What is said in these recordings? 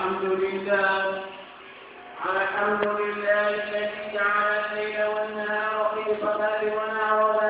الحمد لله الحمد لله الذي جعل الليل والنهار خلفة لنا ولا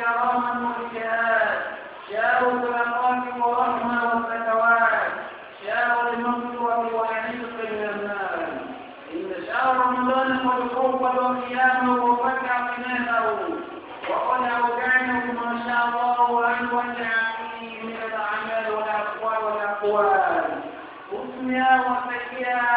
كرامة وإيجاد شاءوا الطلقات والرحمة والفتوات شاءوا إن شاء رمضان والركع وقد أوجعنا ما شاء الله أن وجع فيه من الأعمال والأقوال والأقوال حسنها وسيئها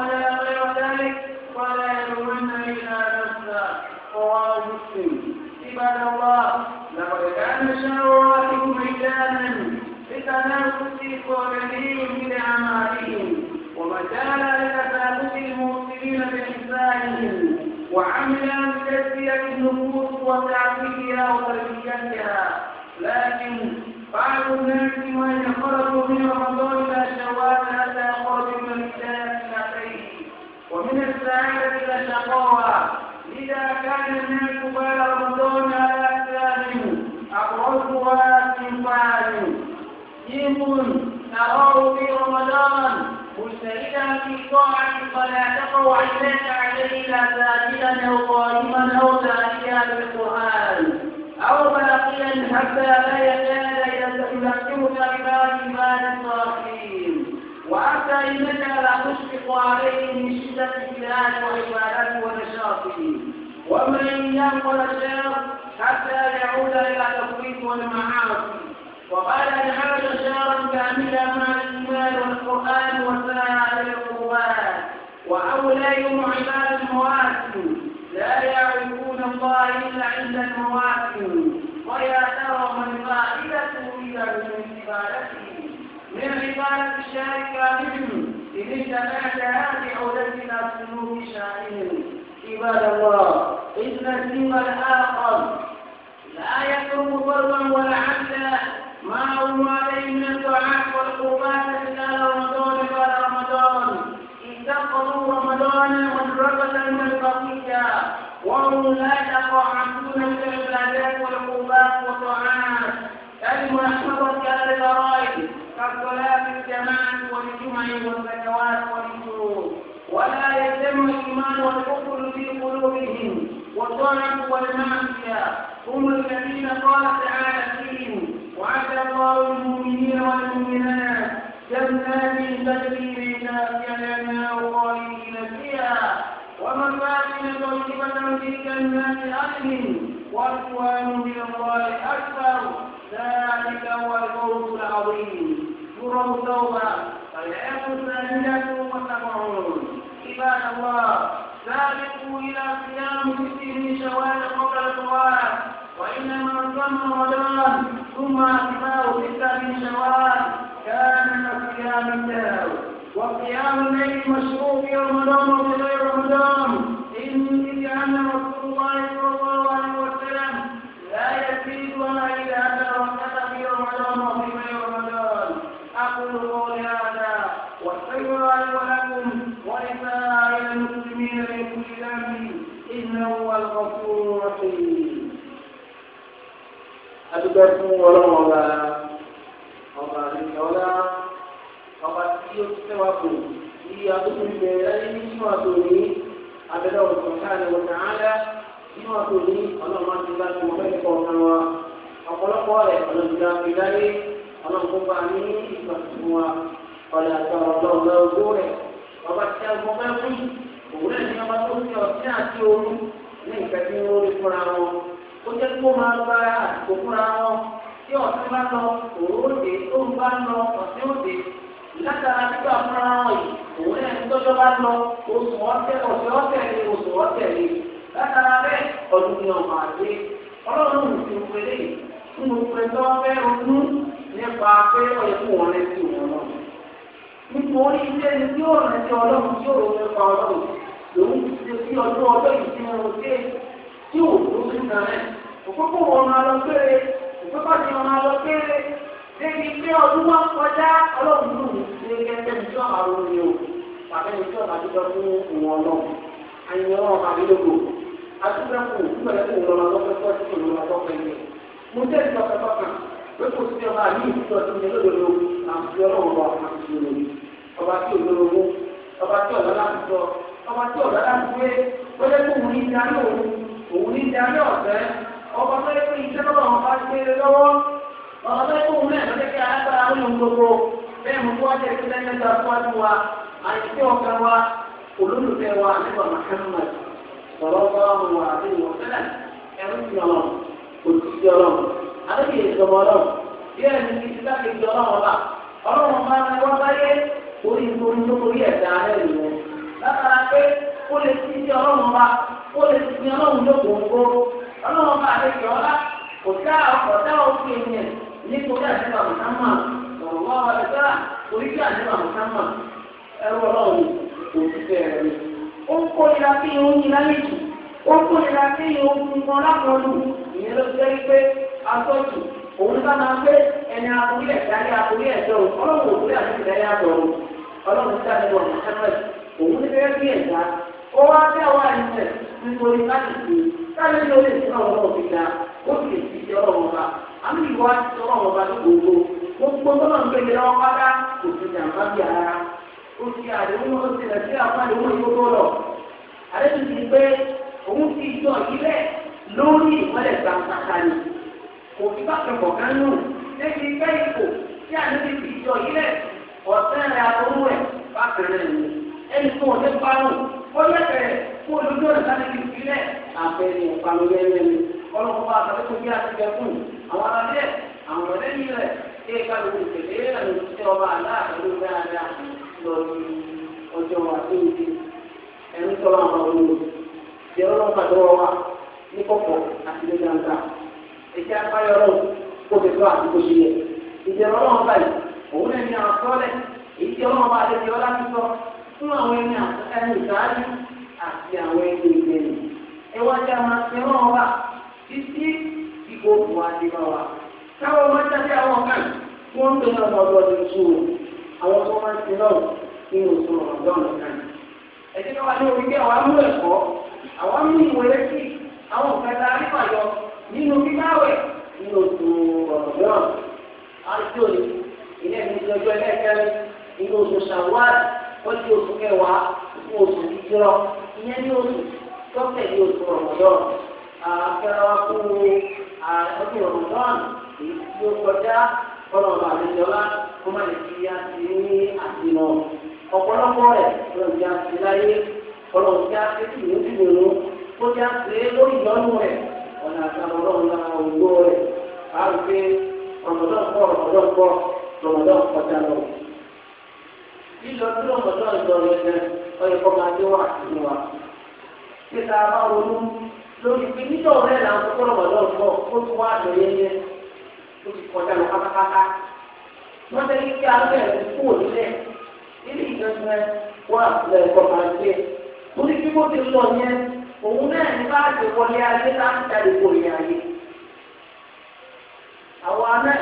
الله يسلم عباد الله لقد كان شرائعكم ميدانا لتنافس قليل من اعمالهم ومجالا لتنافس المرسلين باحسانهم وعملا بتزكيه النفوس وتعزيزها وتزكيتها لكن بعض الناس وان خرجوا من رمضان الى شوال حتى خرجوا من الكتاب الى ومن السعاده الى الشقاوه إذا كان الناس بالغون على أسلامهم أقربها تنفعهم إن تراه في رمضان مجتهدا في طاعة فلا تقع عيناك عليه إلا ساجدا أو قائما أو تاليا بالقرآن أو باقيا حتى لا يزال يذكرك بما إيمان الصالحين وأتى إنك لتشفق عليه من شدة الإنسان وعبادته ونشاطه ومن ينقل الشر حتى يعود إلى التفريط والمعاصي وقال ان جعلت شارا كاملا مع الإيمان والقرآن القرآن للقربان وأوليهم عباد المواسم لا يعرفون الله إلا عند المواسم ويا ترى من فائدته إلى من عبادته من عبادة الشارك كاملهم إذ اجتمعت هذه عودتنا سلوك شاعر عباد الله إن السوى الآخر لا يترك فرضا ولا عمدا ما هم عليه من الدعاء والقربات خلال رمضان بعد رمضان اتقوا رمضان مدركة من وهم لا يتقاعدون من العبادات والقربات والطاعات المحفظة على الغرائب كالصلاة الجماعة والجمع والزكوات والشروط ولا يتم الإيمان والكفر في قلوبهم والطاعة والمعصية هم الذين قال تعالى فيهم وعد الله المؤمنين والمؤمنات جنات تجري من تحتها الأنهار خالدين فيها ومساكن طيبة في جنات أهل وأكوان من الله أكبر ذلك هو الفوز العظيم يروا ثوبا فالعيب الثانية وسبعون عباد الله سابقوا إلى صيام ستين شوال قبل الفوات وإنما صم رمضان ثم أتباه ستة من شوال كان كصيام الدهر وقيام الليل مشروع في رمضان وفي غير رمضان إن لأن رسول الله صلى الله عليه وسلم adúgbò fún ọlọ́wọ́ ọba ọba àdìsọ́lá ọba tí ó ti tẹ́wà kù ní àdúgbò ìbẹ̀rẹ̀ láyé nínú àtòní abẹ́rẹ́ ọ̀sán káàdì ọ̀sán áńlá nínú àtòní ọlọ́run ti bá ti wọ́pẹ́ nípa ọ̀sán wa ọ̀pọ̀lọpọ̀ rẹ̀ ọlọ́run ti fi dáyé ọlọ́run kó bá ní ìgbàsùn wa ọ̀là àtàwọn ọlọ́run ọgbó rẹ̀ ọba tí a gbọ́ fẹ́ fún òwúrẹ́ ni ọba tó fi ọ̀sán ó jẹ́ kó máa gba àsìkò fúnra wọn tí ọ̀sìn bá lọ òróde tó ń bá lọ ọ̀sìn òde látara gbígbà fúnra wọn yìí òun náà ní tọ́jọ́ bá lọ oṣù ọ̀tẹ̀ ọ̀sẹ̀ ọ̀tẹ̀ ni oṣù ọ̀tẹ̀ ni látara bẹ́ẹ̀ ọdún ni ọ̀mà àgbé ọlọ́run ò ti wọlé nínú pẹ̀tọ́ fẹ́ ronú nípa pé ọ̀yẹ̀kùn wọn rẹ̀ sí wọn náà nítorí ilé ni tí ó ọlọ́run tí ó nípa ọlọ́run lòun ti ṣe sí ọdún ọjọ́ ìṣẹ́ wọn tí ò ló ń nà ẹ́ òkúkú wọn máa lọ péré òkúkú ti wọn máa lọ péré débi pé ọdún wọn kọjá ọlọ́run ló ń ṣe kẹ́kẹ́ ní sọ́ọ̀mà lórí o bàbá ní sọ́ọ̀mà ti lọ fún ìwọ̀n náà àyìnbó wọn máa ní lóko àtúntàkù ìgbàlẹ́kùn lọ́mọ lọ́pẹ́ fọ́ọ̀tì kò lọ́mọ lọ́pẹ́ yẹn mo jẹ́ ìtọ́kẹ́ tọ́kàn kò ní ọba tí ọ̀dọ́ láti sọ ọba tí ọ̀dọ́ láti gbé ó kó wù ní ìdáná òun òun ní darí ọ̀fẹ́ ọba tó yẹ kó iṣẹ́ lọ́wọ́ àwọn bá gbé lọ́wọ́ ọba tó yẹ kó òun náà lọ́jọ́ kí alágbára ó lòun gbogbo bẹ́ẹ̀ mo tó wá jẹ́ kí lẹ́yìn ẹ̀ta fúwájú wa àyíké ọ̀gá wa olólùfẹ́ wa nípa Muhammad sọ̀rọ̀ bá wọn wà ní ìwọ̀n sílẹ̀ ẹ̀rú ti ọlọ́run òtítí ọlọ́run àdókè ìjọba ọlọ́run bí ẹni ti ti láti di ọlọ́run ọba ọlọ́run ọba ó lè ti fi ọlọ́run lóko ńkó ọlọ́run bá lè jọ ọ́lá kò dá ọkọ̀ dá òkú ènìyàn nítorí àdébà mùsàmà ọ̀rọ̀ wá wà lẹ́gbẹ́ oríṣi àdébà mùsàmà ẹrú ọlọ́run kò ti bẹ̀rẹ̀ rẹ̀ ó ń kó ìlà sí irun yìí lálejò ó ń kó ìlà sí irun gbọ̀ngàn lápọ̀lù ìyẹn ló jẹ́ pé asọ́jù òun bá máa pé ẹni àkúrí ẹ̀dá ní àkúrí nítorí láti fi káyé ní orí ìṣúná ọ̀rọ̀ òbí ga ó sì fi ṣe ọ̀rọ̀ ọba àmì ìwà ti ọ̀rọ̀ ọba ní gbogbo gbogbo tó náà ń gbèjẹ lọ́wọ́ pátá kò sí jàǹbá bí ara ó ti àdéhùn ó ti rẹ̀ sí àpáàdé owó ìlú tó lọ àdéhùn ti pé òun ti ìjọ ìlẹ̀ lórí ìmọ̀lẹ̀ gbàǹkàkà ni kò fi bá kẹ́kọ̀ọ́ kan nù débi pé ipò tí àdéhùn ti ìjọ ìlẹ̀ ọ̀sẹ̀ rẹ̀ àtọ́wọ́ rẹ̀ bá kẹ́rẹ́ ẹni tó wọn ti parun kó lójú ọ̀rẹ́ sáré kí n filẹ̀ àfẹ́ni ìpanu lẹ́yìn ọlọ́run bá àtàlẹ́ kó bí a ti dẹkùn àwọn aráàlẹ́ àwọn ọ̀lẹ́yìn rẹ̀ kí ẹ̀ka ló ti tẹ̀lé ẹ̀rọ iṣẹ́ ọba aláàbẹ̀lú dáadáa lọ sí ọjọ́ àtúntì ẹ̀rú tọ́lá àwọn olùwò jẹ́ ọlọ́pàá tó wà ní kọ̀kọ̀ àti ní gbangba ẹ̀jẹ̀ apáyọ̀rọ̀ kó ti tọ́ àti kó ṣe yẹ ìjẹ̀rọ̀ ọlọ́run báyìí òun náà ní àwọn sọ́ọ̀lẹ̀ èyí àti àwọn ẹni ìgbẹ́ni. ẹ wá já máa ṣe wọ́n wá títí ìkó òkú àti bá wa. káwọn máa jáde àwọn kan wọ́n ń tẹ̀lé ọ̀dọ̀ ọ̀dọ̀ ní tù ú. àwọn tó máa ń ṣe náà nínú oṣù ọ̀dọ́ nìkan. ẹ̀jẹ̀ náà wà ní orí pé àwọn amú ẹ̀kọ́ àwọn amú ìwé lẹ́sì àwọn òkèta arípàyọ nínú bíbáwẹ̀ nínú oṣù ọ̀dọ́ àjòyè ilé ìjọjọ fún oṣù jíjọ́ ìyẹn ní oṣù tó tẹ̀lé oṣù rọ̀mọ̀dọ́n àfẹ́rọ́ fún ọdún rọ̀mọ̀dọ́n èyí tí ó kọjá ọlọ́run àlejòlá kó má lè fi àti ní àtìmọ́ ọ̀pọ̀lọpọ̀ rẹ̀ ló ń já sí láyé ọlọ́run já sí kì í ti wòlò ó já sí lórí ìlọ́nù rẹ̀ ọ̀nà àtàwọn ọlọ́run náà òwúrò rẹ̀ báwo pé rọ̀mọ̀dọ́n pọ̀ rọ̀mọ̀dọ́n pọ̀ ó yẹ kó máa dé wà sí wa. Títa bá ronú lórí pé níjọ́ rẹ̀ là ń kókó lọ́wọ́ lọ́wọ́ bọ̀ ó ti wá àjọ yẹyẹ ó ti kọjá lọ pátápátá. Wọ́n tẹ́lẹ̀ kí alẹ́ rẹ̀ kú òlẹ̀ nílé ìjọba wà lẹ́ẹ̀kọ́ máa dé. Mo ní kí mo ti lọ yẹn òun náà ní bá ti wọlé ayé láti jáde kó ìyá ayé. Àwọn náà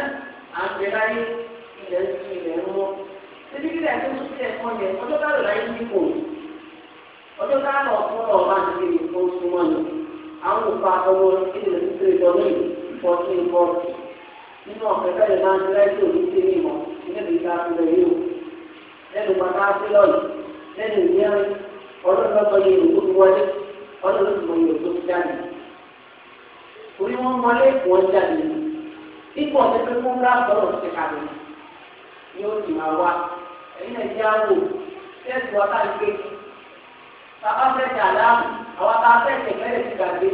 à láyé ilẹ̀ ń sí ilẹ̀ ń mọ́ ṣebí kílẹ̀ tó tún tẹ̀ ẹ̀kọ́ yẹn ọjọ́ tá lò láyé ní kò ọjọ́ tá lọ fún ọ bá ti kéde fún súnmọ́ ni àwọn òfa ọmọ ìdílé tó tẹ̀lé lọ ní ìfọ̀tí ìfọ̀tí nínú ọ̀fẹ́ bẹ́ẹ̀ máa ń rẹ́díò ní tèmi mọ́ níbi ìta fúnra yìí o lẹ́nu pátá sílọ̀lì lẹ́nu ìyẹn ọlọ́run lọ́tọ́ yẹ òkú tó wọlé ọlọ́run tó yẹ òkú tó jáde orí wọn mọlé ìkùn ọjà nínú ipò yóò di máa wá ẹ̀yin náà jẹ́ àwò tẹ́sí wa ká gbé bàbá fẹ́ẹ̀tì àdáàmù àwọn bá fẹ́ẹ̀tì ìbẹ̀rẹ̀ ti gbàgbé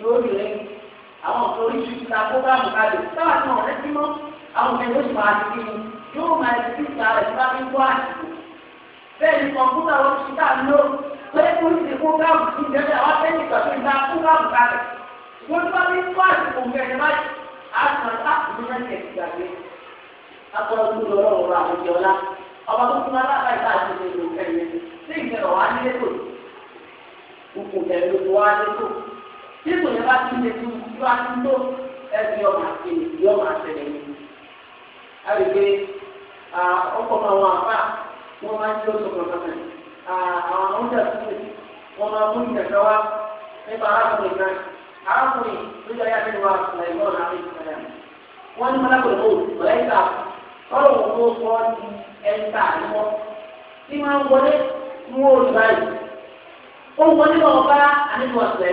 yóò rí rẹ̀ àwọn ọ̀tọ̀ oríṣiríṣi ta fúgàmù kalẹ̀ sábà tí wọ́n rẹ́ sí mọ́ àwọn ọ̀gá yóò sì máa ti kí ni yóò máa ti kí ìta rẹ̀ bá fi wá àsìkò bẹ́ẹ̀ ni kọ̀ǹpútà wọn ti dá ló pé kó ti fúgàmù ti jẹ́jẹ́ àwọn fẹ́ẹ̀tì gbàgbé ta fúgàmù kalẹ̀ wọ́n bá fi wá àsìkò akọrọ tó lọ lọ́wọ́ rà àwùjọ ọlá ọba tó fún wa láàbà ìta àti ìlú ẹ̀yẹ ṣé ìgbẹ́ ọ̀wá nílé tó kùkù ẹ̀rọ tó wá nílé tó tí kò yẹ bá ti lè tó tó a ti tó ẹbí ọmọ àti ìdí ọmọ àtẹlẹ yìí àbí pé ọkọ̀ àwọn àbá wọn máa ń tó sọ̀rọ̀ kọ̀ọ̀kan àwọn oúnjẹ àtúntò wọn máa mú ìdàgbà wá nípa arákùnrin náà arákùnrin lójú ayé àti ìwà àtúntò àti ìtàn wọn ní mọlákùnrin ó wọlé ìta ọlọ́run ló kọ́ di ẹ̀ta àlọ́ tí máa ń wọlé mú òòlù báyìí ó wọlé wọn bá àníkù ọ̀sẹ̀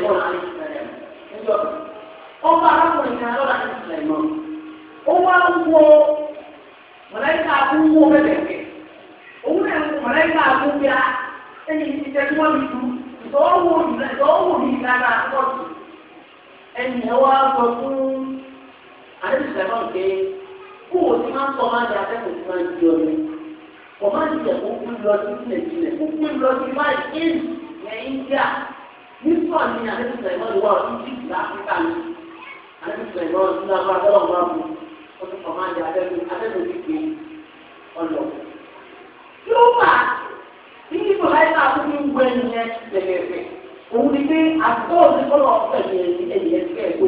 arákùnrin kan lọ́la ti ó wá ń wo mọ̀lẹ́kà wo òun náà mọ̀lẹ́kà a wọ́n dùn ẹni ẹ̀ wá sọ fún kó o ti máa ń sọ máa ń da akẹ́kọ̀ọ́ tí máa ń di ọ̀rẹ́ kò máa ń jẹ kó kú lọ sí ilẹ̀ ìjìnlẹ̀ kó kú lọ sí máa ń in yẹn ń jà nípa ní àdébùsọ̀ ìmọ̀ ìwà ọ̀tún sí ìlà áfíríkà ní àdébùsọ̀ ìmọ̀ ọ̀tún lábá tọ́lọ̀ bá bu ọdún kò máa ń jẹ akẹ́kọ̀ọ́ ti pè ọlọ. yóò bá ní kíkọ láyé náà tó ní ń wẹ ní ẹ lẹ́gẹ̀ẹ́fẹ̀ òun ni pé àtúntò òsì kọ́lọ̀ ọ̀pẹ̀ ní ẹ̀yẹ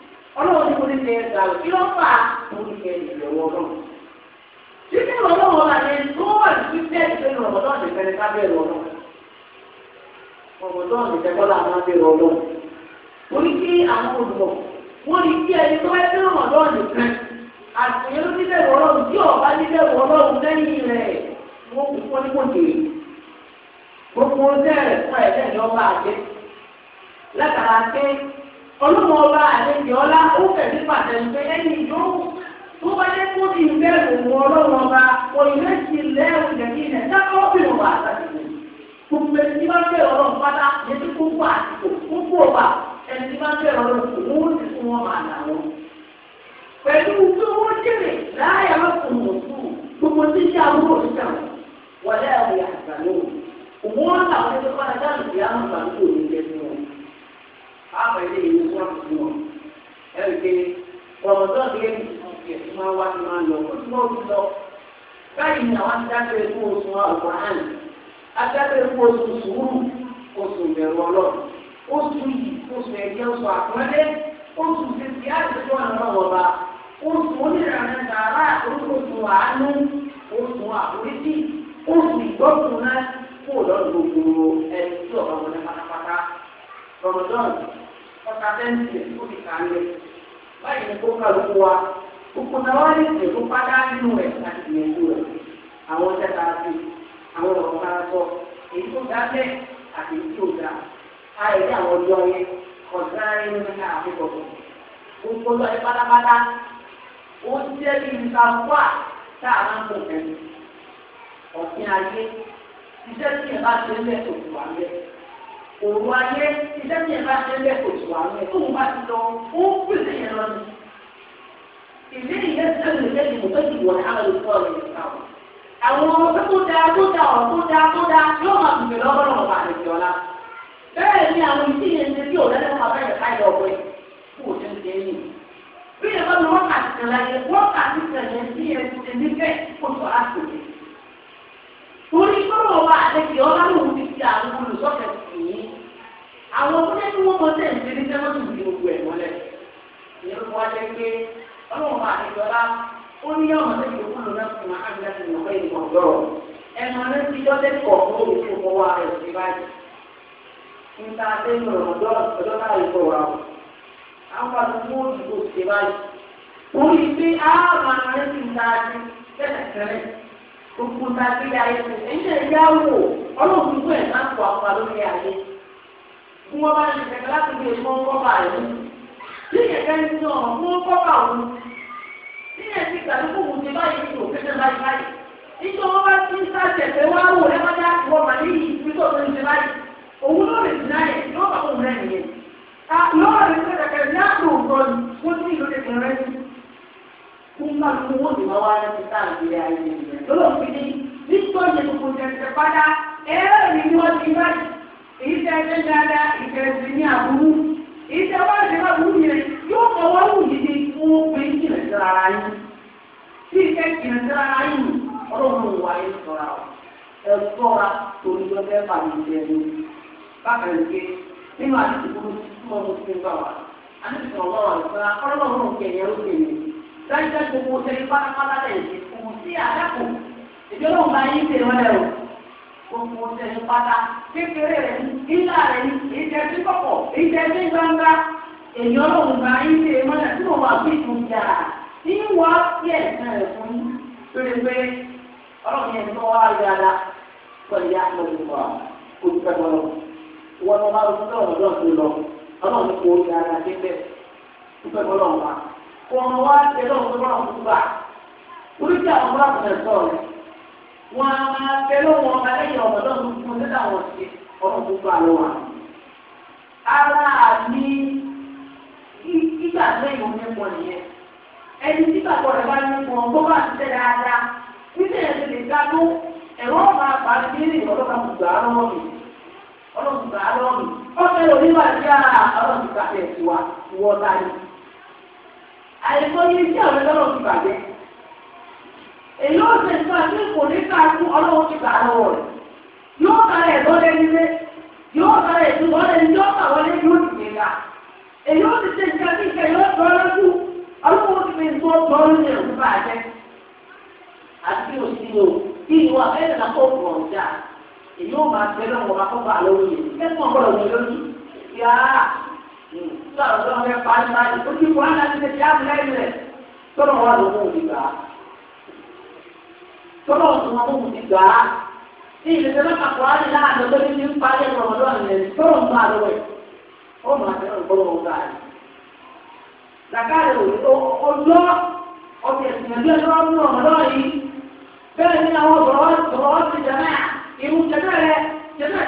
ọlọ́run ti kó ní ṣe ẹ̀ka rẹ̀ kí ló fà á fún ìṣe ìyẹ̀wò ọlọ́run. títí ọlọ́run ọba ni tó wà ní fífẹ́ ìṣẹ́nu ọ̀mọ̀dọ́ nìkan ní kábẹ́rù ọlọ́run. ọ̀mọ̀dọ́ nìkan kọ́ làwọn abẹ́rù ọlọ́run. mo ní kí àwọn olùkọ́ wọ́n ní kí ẹni tó wáyé fún ọ̀mọ̀dọ́ nìkan. àtìyẹn ló níbẹ̀rù ọlọ́run tí ọ̀bá ọlọ́mọ ọba àlejò ọlá ó fẹ̀mí pàtẹ́lú pé ẹni yóò tó bá yẹ kó ní bẹ́ẹ̀rù wọn ọlọ́mọ ọba òyìnbó ti lẹ́rù jẹ̀kí ilẹ̀ dákọ́ ọ̀bìnrin wà àtàkùn gbogbo ẹni tí wọ́n fẹ́ ọlọ́run pátá yẹ kí kókó àtìkò kókó ọba ẹni tí wọ́n fẹ́ ọlọ́run kò mú ti fún wọn máa nà wọn. pẹ̀lú tó wọ́n jèrè láàyè ọkùnrin òkú gbogbo àwọn ilé ìwé wọn ti wọn ẹrù pé rọmọdún ọdún yẹn ti ẹsùn máa wá sí máa lọ ó tún wọn lọ báyìí ni àwọn adágbére fún oṣù àlùkò hàn adágbére fún oṣù sùúrù oṣù ìbẹ̀rù ọlọ́run oṣù yìí oṣù ẹ̀jẹ̀ oṣù àpọ́nlé oṣù títí àtúntò àwọn ọba oṣù onírànà sàrà oṣù àánú oṣù àforíjì oṣù ìgbọ́kùnrin kó lọ́dún gbogbo ẹni rọmọdọ́n ọ̀tà tẹ́ǹtì ó fi kà á lẹ̀ báyìí ni kó kàlùkù wa kókó náà wá lè tẹ̀ kó pátá nínú rẹ̀ àti ìyẹ̀wò rẹ̀ àwọn ọ̀tẹ̀ tá a fi àwọn ọ̀rọ̀ tá a sọ èyí tó dá bẹ́ẹ̀ àti èyí tó dá àìrí àwọn ọjọ́ yẹn kọ̀ọ̀dá nínú nípa àfikọ̀ gbogbo lọ yẹ pátápátá ó jẹ́ bí nǹkan wà tá a máa ń mú ẹ̀mí ọ̀sìn ayé iṣẹ́ tí yẹn bá ṣe ń bẹ̀ tó wà ń bẹ̀ òun ayé iṣẹ́ mi bá ṣe lẹ́kọ̀ọ́ tó àwọn ẹ̀ tóun bá ti lọ ó pèsè yẹn lọ ni. ìdí ìyẹn ti sẹ́nu ìṣẹ́ ìmọ̀ tó ti wọ̀ láwọn olùkọ́ rẹ̀ nípa wọn. àwọn ọmọ pé kó da kó da ọ̀rọ̀ kó da kó da yóò máa bùbẹ̀ lọ́wọ́ lọ́wọ́ bá àlejò ọ̀la. bẹ́ẹ̀ ni àwọn ìdí yẹn ti fi òun lẹ́nu ọ̀bẹ bẹ́ẹ̀ kó tó a kó lọ́wọ́ àlejò ti fi àwọn ọmọdé tí wọ́n mọ sẹ́yìn ti ní sẹ́wọ́n tún di gbogbo ẹ̀ mọ́lẹ̀ ìyẹn ló wá jẹ́ pé ọlọ́run máa ti jọlá ó ní ọmọ sẹ́yìn tó kúrò náà fún wa á ní láti mọ̀ pé ìmọ̀ ọ̀dọ́rọ̀ ẹnu ọ̀rẹ́ ti yọ́ lẹ́kọ̀ọ́ fún olùkọ́ mọ́ wa rẹ̀ sí báyìí níta sẹ́yìn ọ̀dọ́ ọ̀dọ́ náà yóò kọ̀ wá o àwọn àdúgbò òdìbò sí báyìí wọ́n rí pé àwọn ọ̀rẹ́ ti ń ta adé tẹ́lẹ̀tẹ́lẹ̀ gbogbo ta gbé ayé tó ẹ̀yìn ẹ̀yà wò ọlọ́run gbogbo tí wọ́n bá ní kẹ̀kẹ́ láti bí èso kọ́bà yìí tí kẹ̀kẹ́ ń tàn fún kọ́bà òun tí yẹn ti gbà lóko òun ti báyìí tó kẹ́kẹ́ báyìí báyìí nítorí wọ́n bá ti ń sá tẹ̀sẹ̀ wá wò lẹ́gbàdá wọ́n mà ní ìpín tó ń ṣe báyìí òun ló lè dìnnà yẹn yóò bá òun rẹ̀ nìyẹn lọ́wọ́ rẹ̀ ṣe kẹ̀kẹ́ ní àpò òǹkọ́ni wọ́n ti ìlú kẹ̀kẹ́ rẹ̀ sí kúńbà tó wọ́n ti máa wá láti sáàgbé ayé rẹ̀ lọ́wọ́ fi ní nítorí gbogbo jẹ̀ǹtẹ̀ padà ẹ̀rọ ìrìn ni wọ́n ìṣe ẹgbẹ́ dáadáa ìṣe ẹgbẹ́ ní àbúrú ìṣe wáṣẹ àbúrú yẹn yóò fọwọ́ wù yìí fún pé jìnnà sí ara yín tí ìṣe jìnnà sí ara yín ọlọ́run wà yín sọ̀ra ẹ sọ́ra torí ló fẹ́ fà mí jẹ ní bákan ní pé nínú àdìsí kúrú tí wọ́n mú sí bá wa àdìsí ọ̀gbọ́n wà nípa ọlọ́run kẹ̀yẹ́ ló kẹ̀yẹ́ dájúdájú gbogbo ṣẹ́yìn pátápátá lẹ́yìn kò sí àdàkùn ìjọba ò gbogbo ọ̀sẹ̀ ní pátá kékeré rẹ̀ ní ilá rẹ̀ ní ìjẹ́sí kọ̀kọ̀ ìjẹ́sí gbangba èèyàn lòun bá yín ṣe tí mo wà fún ìfún jà nínú wa sí ẹ̀sán fún lórí pé ọlọ́run yẹn tó wá rí ara pẹ̀lú ìyá lọ́dún wa kò ní pẹ́ bọ́lọ́ wọn lọ bá lọ́dún lọ́dún lọ́dún lọ ọlọ́run kò rí ara débẹ̀ kò pẹ́ bọ́lọ́ wa kò wọn wá ṣe lọ́dún lọ́dún tó bá orí tí àwọn bá wọn a máa fẹ́ lọ́wọ́ alẹ́yìn ọ̀rọ̀ lọ́run fún ọdún àwọn ṣe ọ̀rọ̀ gbogbo lọ wa. ara àmì gbígbà lẹ́yìn omi pọ̀ nìyẹn ẹni tí bàbá rẹ̀ bá ní lè ga tó ẹ̀rọ a bí ìrìn ọlọ́ka gbùgbà lọ́wọ́ mi mi wà sí ara wọ́ọ́ta ni. èyí ó ṣe nǹkan tí kò ní ká fún ọlọ́run ti gbà lọ́wọ́ rẹ̀ yóò kára yóò kára wọlé ní yóò kà wọlé yóò sì lè ga èyí ó ti ṣe nǹkan tí ìkẹyẹ ó tọ́ lọ́jú ọlọ́run ti fi nǹkan tọ́ lórí ẹ̀rù bá jẹ́ àti òsì o kí ìwà bẹ́ẹ̀ náà kó pọ̀ èyí ó máa tẹ́lẹ̀ wọn bá kọ́kọ́ kẹ́kọ̀ọ́ tọ́lọ̀ ọ̀sùn wọn mú ti gbà á ní ìrètí náà kàkọ́ á ní láàánú tó ní ní ń parí ẹ̀rọ ọ̀dọ́ àlẹ́ tọ́lọ̀ ń bá a lọ́wọ́ ẹ̀ ó máa tẹ̀lé ọ̀gbọ́n wọn gbà á. làkàrẹ̀ ọjọ́ ọ̀sẹ̀ ìgbìyànjú ẹ̀rọ ọ̀dọ́ ọ̀dọ́ yìí bẹ́ẹ̀ ni àwọn ọ̀dọ́ ti jẹ̀mẹ́ ìwú jẹ̀mẹ́ rẹ̀ jẹ̀mẹ́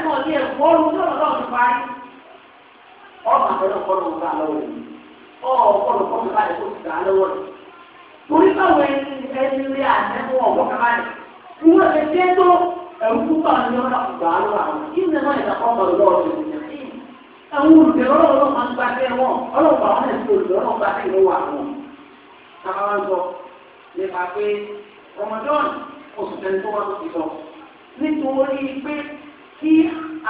torí báwọn ẹni ẹni rí àtẹ́kọ̀ ọ̀wọ́ kábàlì tí wọ́n ti dé tó ẹ̀rú púpọ̀ ní ọ̀dà ọ̀gbà lọ́wọ́ àwọn kí ni wọ́n ìdàkọ́ ọmọ lọ́wọ́ tó ti yàn sí. àwọn olùdẹ̀rọ̀ ọlọ́wọ́ máa ń gba tẹ́ wọn ọlọ́wọ́ àwọn ẹ̀sìn olùdẹ̀rọ̀ ọgbà tẹ́ ìlú wà wọn. káwọn sọ nípa pé Ramadan oṣù tẹ́lẹ̀ tó wọ́n ti lọ nítorí pé kí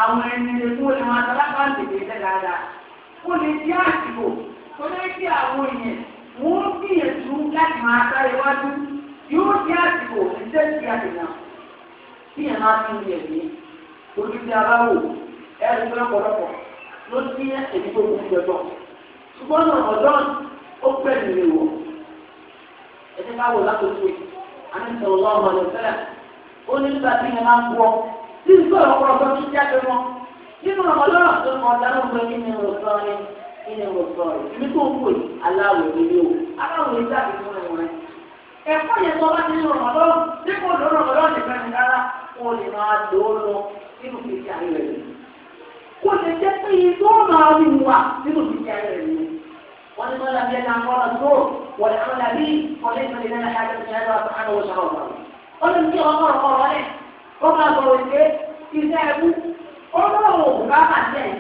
àwọn ẹni lè mú ẹ̀wọ̀n àtàlápàá ń tètè wọ́n gbìyànjú láti máa ta iwájú yóò jẹ́ àsìkò ìṣẹ́ ti àdènà tí yẹn máa fi ilẹ̀ ní ojú tí a bá wò ẹ̀rí lọ́pọ̀lọpọ̀ ló ní èyí tó kún jọjọ ṣùgbọ́n náà ọ̀dọ́ ó pẹ́ nìyẹn wọ̀ ẹ̀jẹ̀ ká wò látòkè àti sọ̀rọ̀ lọ́wọ́ ọ̀lẹ́sẹ̀lẹ̀ ó ní nígbà tí yẹn máa ń wọ tí ń sọ̀rọ̀ ọ̀pọ̀lọpọ̀ tó jáde wọn nínú ọ̀mọ̀lọ́rọ̀ tó mọ̀ ọ̀dá ló ń gbé nínú ọ̀sán ni. nínú ọ̀sán rẹ̀ ibi tó ń pè aláwọ̀ nílé o aláwọ̀ yìí dàbí fún ẹ̀wọ̀n rẹ̀. ẹ̀kọ́ yẹn tó bá ti ní ọ̀rọ̀ dípò lọ́rọ̀ lọ́wọ́ nìkan ní rárá wọn lè máa lò ó lọ nínú ayé rẹ̀. kò lè jẹ́ pé iye tó máa rí wa nínú ayé rẹ̀ ni. wọ́n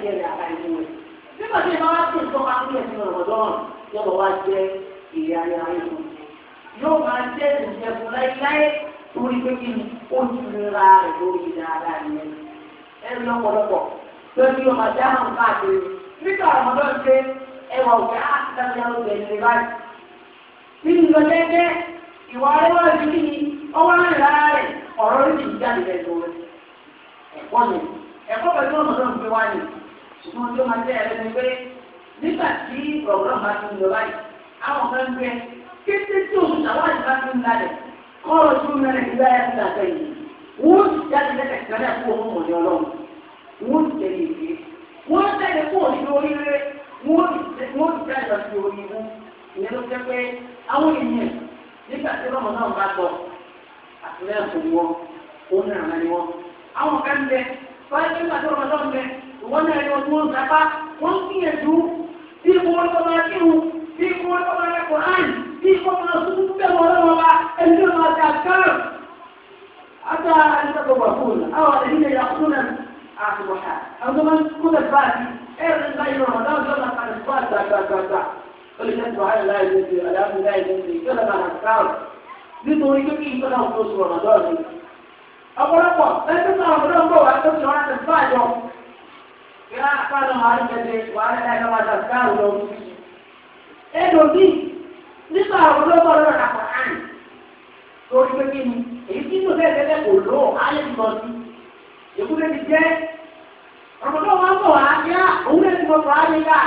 ní wọ́n nígbà tí ìbá wá sí nǹkan máa ẹ̀sìn ọ̀rọ̀dọ́rùn yóò wá jẹ́ ìyá ayé ayé fún ndị yóò máa jẹ́ ìjẹ́ láíláí torí pé kí ni ó ti ra rẹ̀ lórí dáadáa nìyẹn káàkiri nígbà ọ̀rọ̀dọ́ ṣe ẹwà òkè òkè ah, ṣùgbọ́n tó máa jẹ́ ẹ̀rọ ni pé nígbà tí ọ̀rọ̀ máa ti lọ báyìí àwọn kan gbé kété tí òun àwọn àgbà ti ń lálẹ̀ kọ́ ọ̀rọ̀ tó ń lálẹ̀ nígbà yà ti dàgbà yìí wọ́n ti jáde lẹ́kẹ̀ sílẹ̀ kó òun mọ̀ ní ọlọ́run wọ́n ti tẹ̀lé ìgbé wọ́n tẹ̀lé kó òun ní orí rẹ̀ wọ́n ti jáde lọ sí orí ibú ìyẹn ló jẹ́ pé àwọn èèyàn nígbà tí ọmọ náà bá lọ àtúnyẹ̀ fún wọn òun náà ní wọn àwọn kan bẹ fọ́lẹ́ nígbà tó tí wọ́n gbapá wọ́n gbìyànjú bí wọ́n tó máa kírun bí wọ́n tó máa kọ̀ hàn bí wọ́n máa sunkún bẹ́ẹ̀ wọ́n lọ́wọ́ wa ẹni tó máa ta kárọ̀. Ata ẹni tó kọ̀ wà fún un, àwọn ẹni lè yà fún un àtùwọ̀hà. Àwọn tó máa ń kú lẹ̀ báyìí, ẹ̀rọ ń báyìí rọrùn láwọn tó máa kàlẹ̀ fún àgbàgbàgbà. Olùkẹ́ tó wáyé láì lóde, àdáàbò láì lóde, yóò lọ ìlà àpáàlọ́ máa ń tẹ̀lé wàhálà ẹ̀ka máa tàbíkà àwùjọ òun. ẹlòmíì nípa àwọn olóko ọlọ́run àpọ̀ àná lórí pé kí ni èyí tí mo fẹ́ tẹ́lẹ̀ kò lò ayé ti lọ sí èkúté ti jẹ́ ọmọdé wọn bọ̀ wá yá òun lè ti mọ fọ́ ayé yá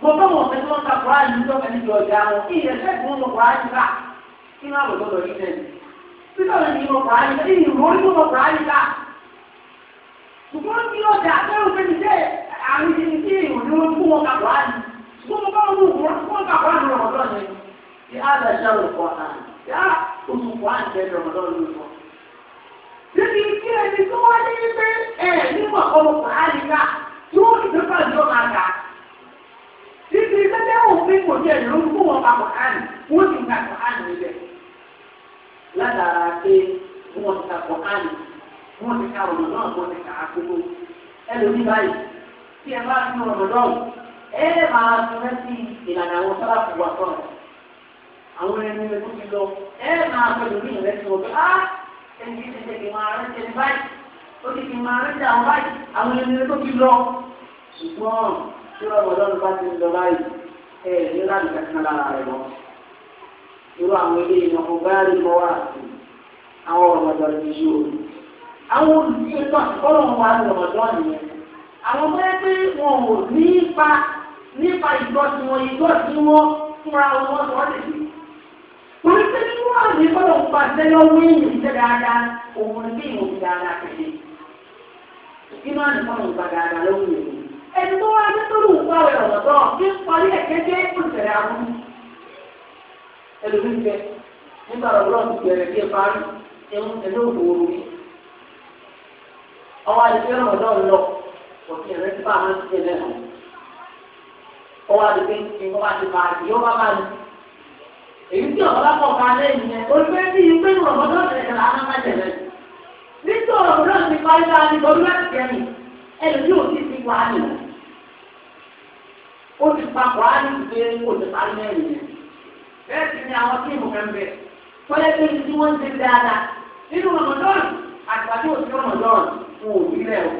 mo bá wọn fẹ́ tí wọ́n ta fọ́ ayé níjọ́ ẹni jọ ọjà wọn kí ilẹ̀ fẹ́ tí wọ́n mọ fọ́ ayé yá kí wọ́n àwòrán lọ yí sẹ́yìn. títọ́ ṣùgbọ́n kí ló dà bẹ́ẹ̀ pé níṣẹ́ àrùn ìdí tí èèyàn ni wọ́n fún wọn kàwá ni ṣùgbọ́n mo bá wọn fún wọn kàwá ni ọ̀dọ́ ni kí á lè ṣe òkò náà kí á oṣù kò á ni wọn. Níbi tí ẹni tó wá ní pé ẹ nígbà ọmọkùnrin á ká tí wọ́n ti pépà jọ máa kà. Níbi tẹ́tẹ́ òfin kò jẹ́ ìlú fún wọn papọ̀ ánì, wọ́n ti gbà pọ̀ ánì níbẹ̀. Látara pé wọ́n ti gbà pọ̀ wọ́n ti ka ọ̀nà náà wọ́n ti kà á kókó ẹlòmíì báyìí tí ẹ bá ní ọ̀nà náà ẹ máa tọ́lẹ́ sí ìlànà àwọn sábàbù wà sọ̀rọ̀ àwọn ẹni rẹ tó ti lọ ẹ máa pẹ̀lú ní ìrẹsì wọn pé á ah, ẹni tí ti tẹ̀lé máa rẹ tẹ̀lé báyìí ó ti fi máa rẹ tẹ̀ àwọn báyìí àwọn ẹni rẹ tó ti lọ ṣùgbọ́n tí ọ̀rọ̀ ọlọ́run bá ti lọ báyìí ẹ ní láti kàkínà lára rẹ lọ irú àwọn ilé ìnáwó báyìí mọ́ wá àwọn ọ̀rọ̀ ọ̀dọ́ ti ṣe àwọn olùdíje náà kọ́lọ̀ wọn wà lọ́dọ̀ nìyẹn àwọn bẹ́ẹ̀ pé wọn ò nípa nípa ìgbọ́sí wọn ìgbọ́sí wọn fúnra wọn lọ́dẹ̀ yìí torí pé nínú àmì kọ́lọ̀ pa sẹ́yọ́ wíìnì ṣe dáadáa òun ní bí ìwòsí dáadáa kẹ̀lé nínú àmì kọ́lọ̀ pa dáadáa lóhùn èlò ẹni tó wá ní tó lù ń pàwé ọ̀dọ̀ kí ń parí ẹ̀kẹ́kẹ́ ìpòsẹ̀rẹ̀ àwọn ẹlòmíkẹ́ nígbà ọwọ́ àdìgbé rọ̀mọ̀dọ́ lọ òkè rẹ̀ ti bá àwọn ti ṣe lẹ́nu ọwọ́ ti wọ́n bá ti bá àti yóò bá bá ní. èyí tí ọ̀rọ̀ bá ká lẹ́yìn yẹn olùgbé bí i pé rọ̀mọ̀dọ́ rẹ̀ kẹ̀lá á má jẹ̀ lẹ́nu. nítorí rọ̀mọ̀dọ́ ti parí bá a ní láti jẹ́ mi ẹnu yóò ti ti wá nù. ti pa kùránì ìgbé kò ti parí lẹ́yìn yẹn. bẹ́ẹ̀ sì ni àwọn tíìmù kan bẹ̀ kọ́lẹ́ pé ibi tí wọ́n ń dáadáa nínú rọ̀mọ̀dọ́ọ̀nù àtìwájú òsì rọ̀mọ̀dọ́ọ̀nù fún òbí rẹ̀ o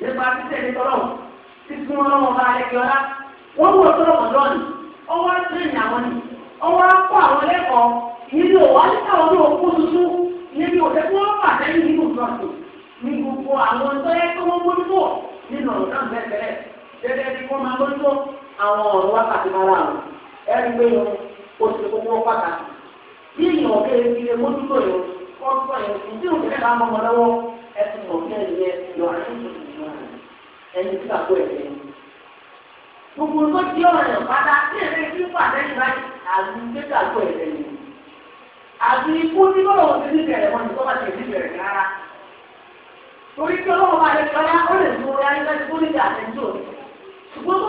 nípa títẹ̀lé tọ́lọ̀ títún ọlọ́wọ́ bá alẹ́kẹ́ ọlá wọ́n wọ tọ́lọ̀ ni ọwọ́ àtẹ̀yìn àwọn ni ọwọ́ àwọn lẹ́kọ̀ọ́ nípa òkú tuntun wọ́n nínú ní gbogbo àwọn tó yẹ kí wọ́n nínú ọ̀rọ̀ náà ẹtù ọ̀kẹ́ yẹ lọ ẹni tí kàkó ẹ̀fẹ́. Gbogbo tó di ọ̀rẹ́ padà sí ẹ̀fẹ́ tí ó pàdé ìbáyìí àbí tí kàkó ẹ̀fẹ́ ni. Àbí ikú tí bọ́lọ̀ wọn ti ní bẹ̀rẹ̀ wọn ni tó ti ní bẹ̀rẹ̀ rárá. Torí pé ọlọ́wọ́ bá lè kọ́lá ó lè mú orí ayé láti kó nígbà àtẹ̀jọ́. Ṣùgbọ́n tó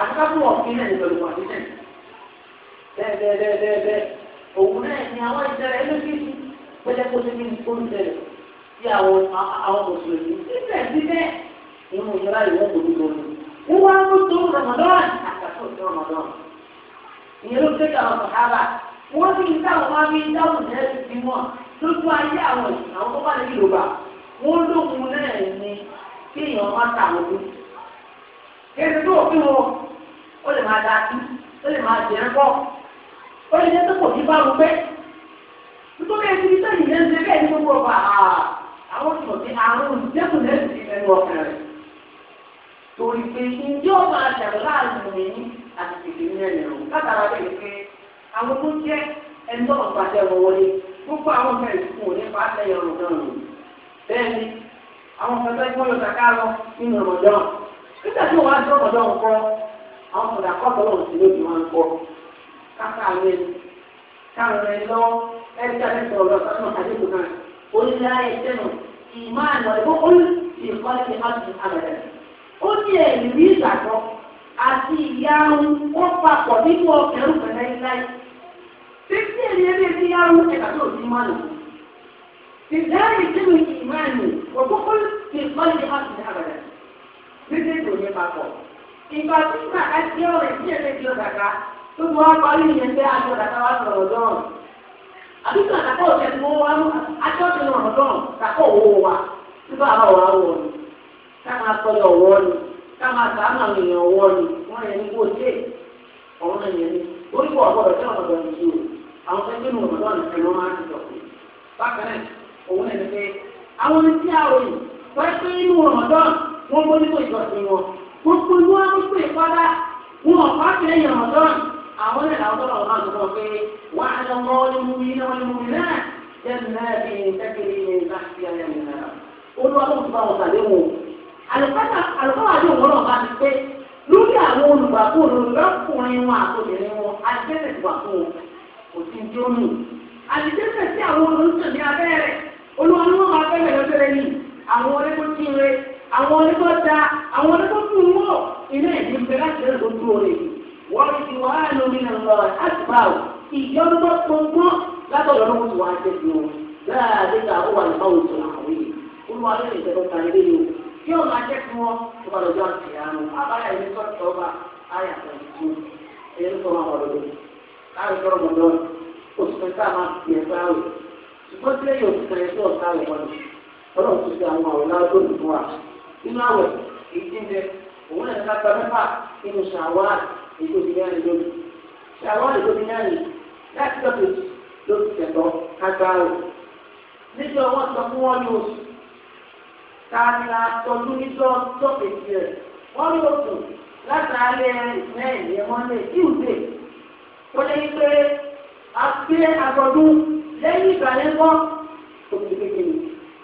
àti kápò ọ̀fin náà ní pẹ̀lú wàdí náà bẹ́ẹ̀bẹ́ẹ̀bẹ́ẹ̀bẹ́ òun náà ni àwọn ìṣẹ̀lẹ̀ ẹlẹ́gbẹ̀ẹ́sì pẹ́lẹ́ kó tó ní oúnjẹlẹ̀ sí àwọn mùsùlùmí síbẹ̀ síbẹ̀ inú ìjọba yìí wọ́n kò ní lórí wọ́n wá ló tó Ramadan àtàkùn tó Ramadan ìyẹn ló fẹ́ wọ́n náà ní ó lè máa dáa tú ó lè máa jẹ́ bọ́ ó lè jẹ́ tó kò ní bá rúgbẹ́ nítorí ẹni tí sẹ́yìn lè ṣe bẹ́ẹ̀ ní gbogbo ọba àwọn tó ti àrùn jẹ́kùn lẹ́sìn ní ẹnu ọ̀kan rẹ̀ torí pé ǹjẹ́ ó máa ṣẹ̀rọ láàrin òní àti tètè ní ẹ̀yẹ̀ o látara bẹ́ẹ̀ pé àwọn tó jẹ́ ẹni tó ọ̀gbà tẹ̀ wọ́n wọlé gbogbo àwọn ọmọ ìsìnkú òní fa àtẹ̀yẹ̀ ọ̀rọ̀ náà nù bẹ́ẹ̀ ni àwọn ọmọ ẹgbẹ́ ìgbọ́n yóò àwọn ọ̀dà kọ́tọ̀ náà sì ló di wọn kọ́ káká lé káwọn ẹ lọ ẹgbẹ́ ẹ sọ̀rọ̀ lọ sọ́nà àdéhùn náà onílẹ̀ ayé sẹ́nu ìmọ̀ àná ẹ̀kọ́ ó sì kọ́ ẹ̀ ṣe ọ̀sìn àbẹ̀rẹ̀ ó ní ẹ̀rí ìgbàgbọ́ àti ìyá ń kó papọ̀ nínú ọkẹ̀rù pẹ̀lẹ́ láì títí èyí ẹni tí yá ń ẹ̀ka tó ti máa nù ìgbà tí kàkà tí ọ̀rẹ́ tí ẹ̀fẹ́ di ọ̀dàkà tó bu akọ ní ìyẹn fẹ́ àti ọ̀dàkà wa sọ̀rọ̀ dọ́ọ̀n. àbí kí ọ̀dàkà òṣèlú tí wọ́n wá mú àjọṣe ní ọ̀rọ̀ dọ́ọ̀n kàkọ́ òwò wa nígbà wà wà wọ̀ ni ká máa tọ́jú ọ̀wọ́ ni ká máa sàánù àwọn èèyàn ọ̀wọ́ ni wọ́n yẹn ní gbòdè ọ̀hún ẹ̀yẹn ni orúkọ ọ̀gbọ́dọ̀ tí ọ̀nà bẹ̀rẹ̀ sí o àwọn tó ń gbé nùgbọ̀n lọ́nà tí wọ́n máa ń sọ pé bákan náà òun ẹni pé àwọn tí a ròyìn wọ́n pé inú ọ̀nà dọ́ọ̀n wọ́n mọ́ nípò ìjọsìn wọn gbogbo ní wọn ní pé padà wọn ò bá fẹ́ yàn ọ́ lọ́rùn àwọn ní àwọn tọ́lọ̀ náà tó kọ́ pé wà á lọ́mọ onímúmi náà onímúmi náà jẹ́nu náà bí tẹ́kìlì yẹn bá fi ayé mi náà olúwa tó ti bá wọn sàlẹ̀ wọn àlùfáà àlùfáà àti òun náà bá ti pé lórí àwọn olùgbàgbọ́ àwọn onígbọ́ da àwọn onígbọ́ tó ń wọ̀ iná ìlú bẹ láti lẹ́nu tó dúró rẹ̀ wọ́n ti wá lórí náà lọ àtìpá o ìjọba gbọ́ngbọ́n látọ̀dọ̀ ló ti wá ṣe fún un láàdé ká ó wà ní báwo tó àwọn yìí olúwa ló lè tẹ́tọ́ ta ilé yìí o kí ọ̀gá jẹ́ fún ọ tó bá lọ́jọ́ àti àánú abáyà ìlú tó tọ́ bá ayà pẹ̀lú fún ẹni tó máa wọ̀ lọ́dọ̀ láàrin tó rọ̀ lọ́dọ̀ oṣù kẹta máa fi ẹ̀ sáré ṣùgbọ́n tí lẹ́yìn oṣù kẹrin tó ọ̀sán rẹ̀ wọ́n ọlọ́run ti ṣe àwọn àwòrán lónìí fún wa inú àwẹ̀ èyí ti ń bẹ òun náà ká gba mẹ́fà nínú ṣàwáàlì èyí tó ti ní àná lórí ṣàwáàlì tó ti ní àná láti tọ́jú ló ti tẹ̀tọ́ agbára níjọ wọn sọ fún wọn ní oṣù ta ni a tọ́jú níjọ tọ́kẹ̀tì rẹ̀ wọ́n ní oṣù látàlẹ́ mẹ́rin yẹn wọ́n lè tíwùdé ó lé yí pé a gbé agbọ̀dún ìgbà yẹn kọ́ òtún kékeré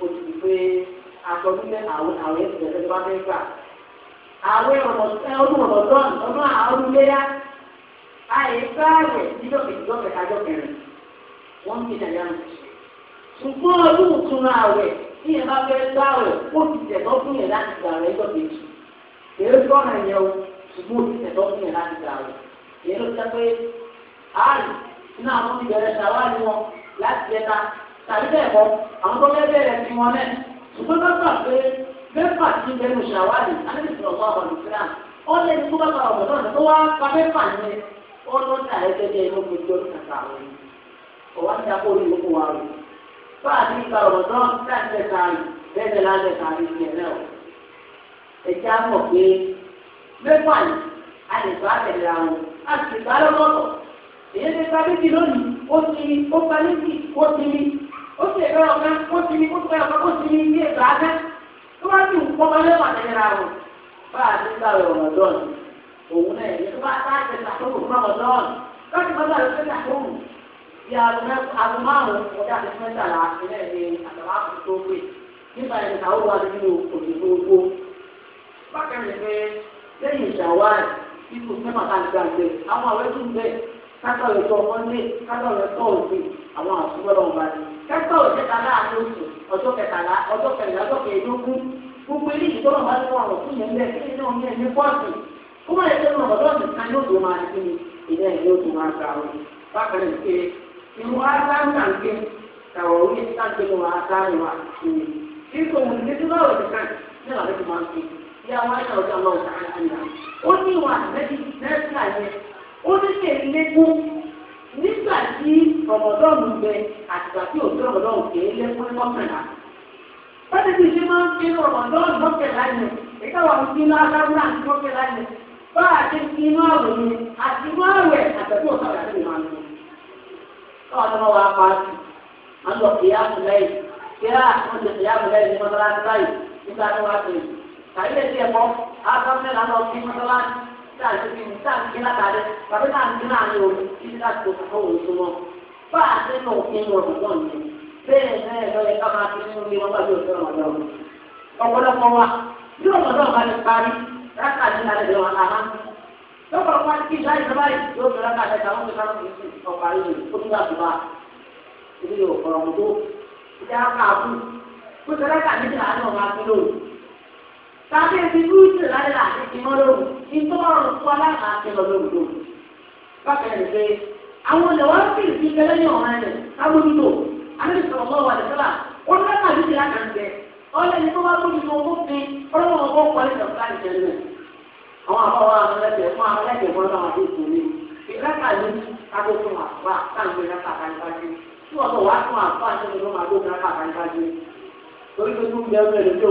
òtún pé àtọ́júlẹ̀ àwọn àwọn ẹ̀sìn ẹ̀sìn bá fẹ́ gbà. Àwọn ọdún ọ̀dọ́n ọdún àwọn ọdúnléyà àyè sáàyè nílò ìjọ kẹtàjọ kẹrin. Wọ́n ń kíjà yára. Ṣùgbọ́n ọdún ìtura àwẹ̀ tí yẹn bá fẹ́ gbà rẹ̀ ó ti tẹ̀tọ́ fún yẹn láti gbà rẹ̀ ẹjọ́ kejì. Èrè sọ́nà yẹn o ṣùgbọ́n ó ti tẹ̀tọ́ fún yẹn láti gbà rẹ̀. Èyí ló jẹ́ pé àrì nínú àwọn ti bẹ̀rẹ̀ ṣàwárí wọn láti ẹ̀ta tàbí bẹ́ẹ̀ kọ́ àwọn tó fẹ́ bẹ̀rẹ̀ sí wọn náà ṣùgbọ́n bá gbà pé mẹ́fà ti mẹ́nu ṣàwádìí alẹ́sìn ọ̀gbọ́n àwọn olùfẹ́ràn ó lé ní kókó àwọn ọ̀dọ́ náà tó wá pa mẹ́fà yẹn ó ló ń tàyẹ́ gẹ́gẹ́ inú mi tó ń kàkà rẹ̀ ọ̀wá ti dàpọ̀ orí ìlú wa rẹ̀ bá a ti gba ọ̀dọ́ láìpẹ́ káàrí bẹ́ẹ̀ láìpẹ́ káàrí ti ẹ̀rẹ́ o ẹ̀jẹ̀ á mọ̀ pé mẹ́fà yìí a lè bá tẹ̀lé àwọn a sì bá lọ́wọ́ èyí ti gba méjì lónìí ó ti ó gba méjì ó ti rí ó sì lè fẹ́ ọ̀gá kó ti ní kó ti fẹ́ ọ̀gá kó ti ní ilé ìgbà á náà tó bá ti nǹkan ọmọ lẹ́wọ̀n àtẹ̀yẹra rò bá a ti gbà rẹ̀ ọ̀nà dọ́ọ̀n òun náà yẹ tó bá tá àti ìtàkùrù fún ọmọ dọ́ọ̀n lọ́sì mọ́tò àti ìtàkùrù bí aago márùn-ún ọjà àti mẹ́tàlá ilẹ̀ ní àtàlá àti tó gbé nígbà yẹn ta ó wà nínú òkè tó gbó bákan ní pé lẹ́yìn ìṣàwá ipò mẹ́fà ká ní kẹ́tọ́ òṣèta láàrin oṣù ọjọ́ kẹtàlá ọjọ́ kẹrìnlá ọjọ́ kẹẹ̀ẹ́dógún gbogbo eléyìí tó lọ́wọ́ bá tó ọ̀rọ̀ fún yẹn bẹ́ẹ̀ kí nínú yẹn ní pọ́ọ̀sì kó má yóò ni ìdá ẹ̀ yóò tó máa ta bákan ìwọ asáńtà ń orí kí n ní tí ti kàn ní tó nígbà tí ọ̀mọ̀dọ́ọ̀mù bẹ àtìgbà tí òjò ọ̀mọ̀dọ́ọ̀mù kè é lẹ́kún mọ́kànlá. Bọ́dé ti ṣe máa ń fi ọ̀mọ̀dọ́ọ̀mù mọ́kànlá yẹn, ìka wà ní kí náà lábúrà ní mọ́kànlá yẹn. Bá a ti fi inú àwẹ̀ yẹn, àti inú àwẹ̀ àtẹ̀kù ọ̀sán àti ìmọ̀ àná. Tọ́wọ́ ni wọ́n wá pa á sí. À ń lọ táàtì kí ni táàtì kí látàrí tàbí táàtì kí láàrin òru títí láti òun tó mọ́ bá a ti nù ọ̀dùn náà ni bẹ́ẹ̀ bẹ́ẹ̀ lọ́yẹ ká máa fi bá ọ̀pọ̀lọpọ̀ wa bá ti parí rákà ní lọ́pọ̀ kí ìjọba yìí yóò rákà tàbí ẹbí búrúdì lálẹ́ àti ìmọ̀lóhùn ìtọ́rọ̀rùn fún aláàbà àti ọlọ́gbọ̀dọ̀. bákan ẹ̀ pé àwọn ọ̀dẹ̀ wọn fi ìdí ìfẹ́lẹ́ ní ọ̀rọ̀ ẹ̀ lábójútó àmìsọ̀rọ̀ mọ́ wà lẹ́sọ̀lá wọn fẹ́ kà ní ìlànà ẹ̀ ọ̀lẹ́ ní tó bá bójútó owó fi ọlọ́wọ́ ọgbọ́n pọ̀ lẹ́sọ̀ láì tẹ̀lé àwọn àbọ̀ wa ọ̀lẹ́dẹ̀ fún ọ̀lẹ́dẹ̀ fún ọ̀lọ́wọ́ àti ìtòlé ìlànà ní agogo àfà táwọn ìlànà àbáyébájú tí wọ́n bọ̀ wá fún àfà àti ìlànà àgógó àbáyébájú torí pé tó ń bẹ ọ̀rẹ́ lójú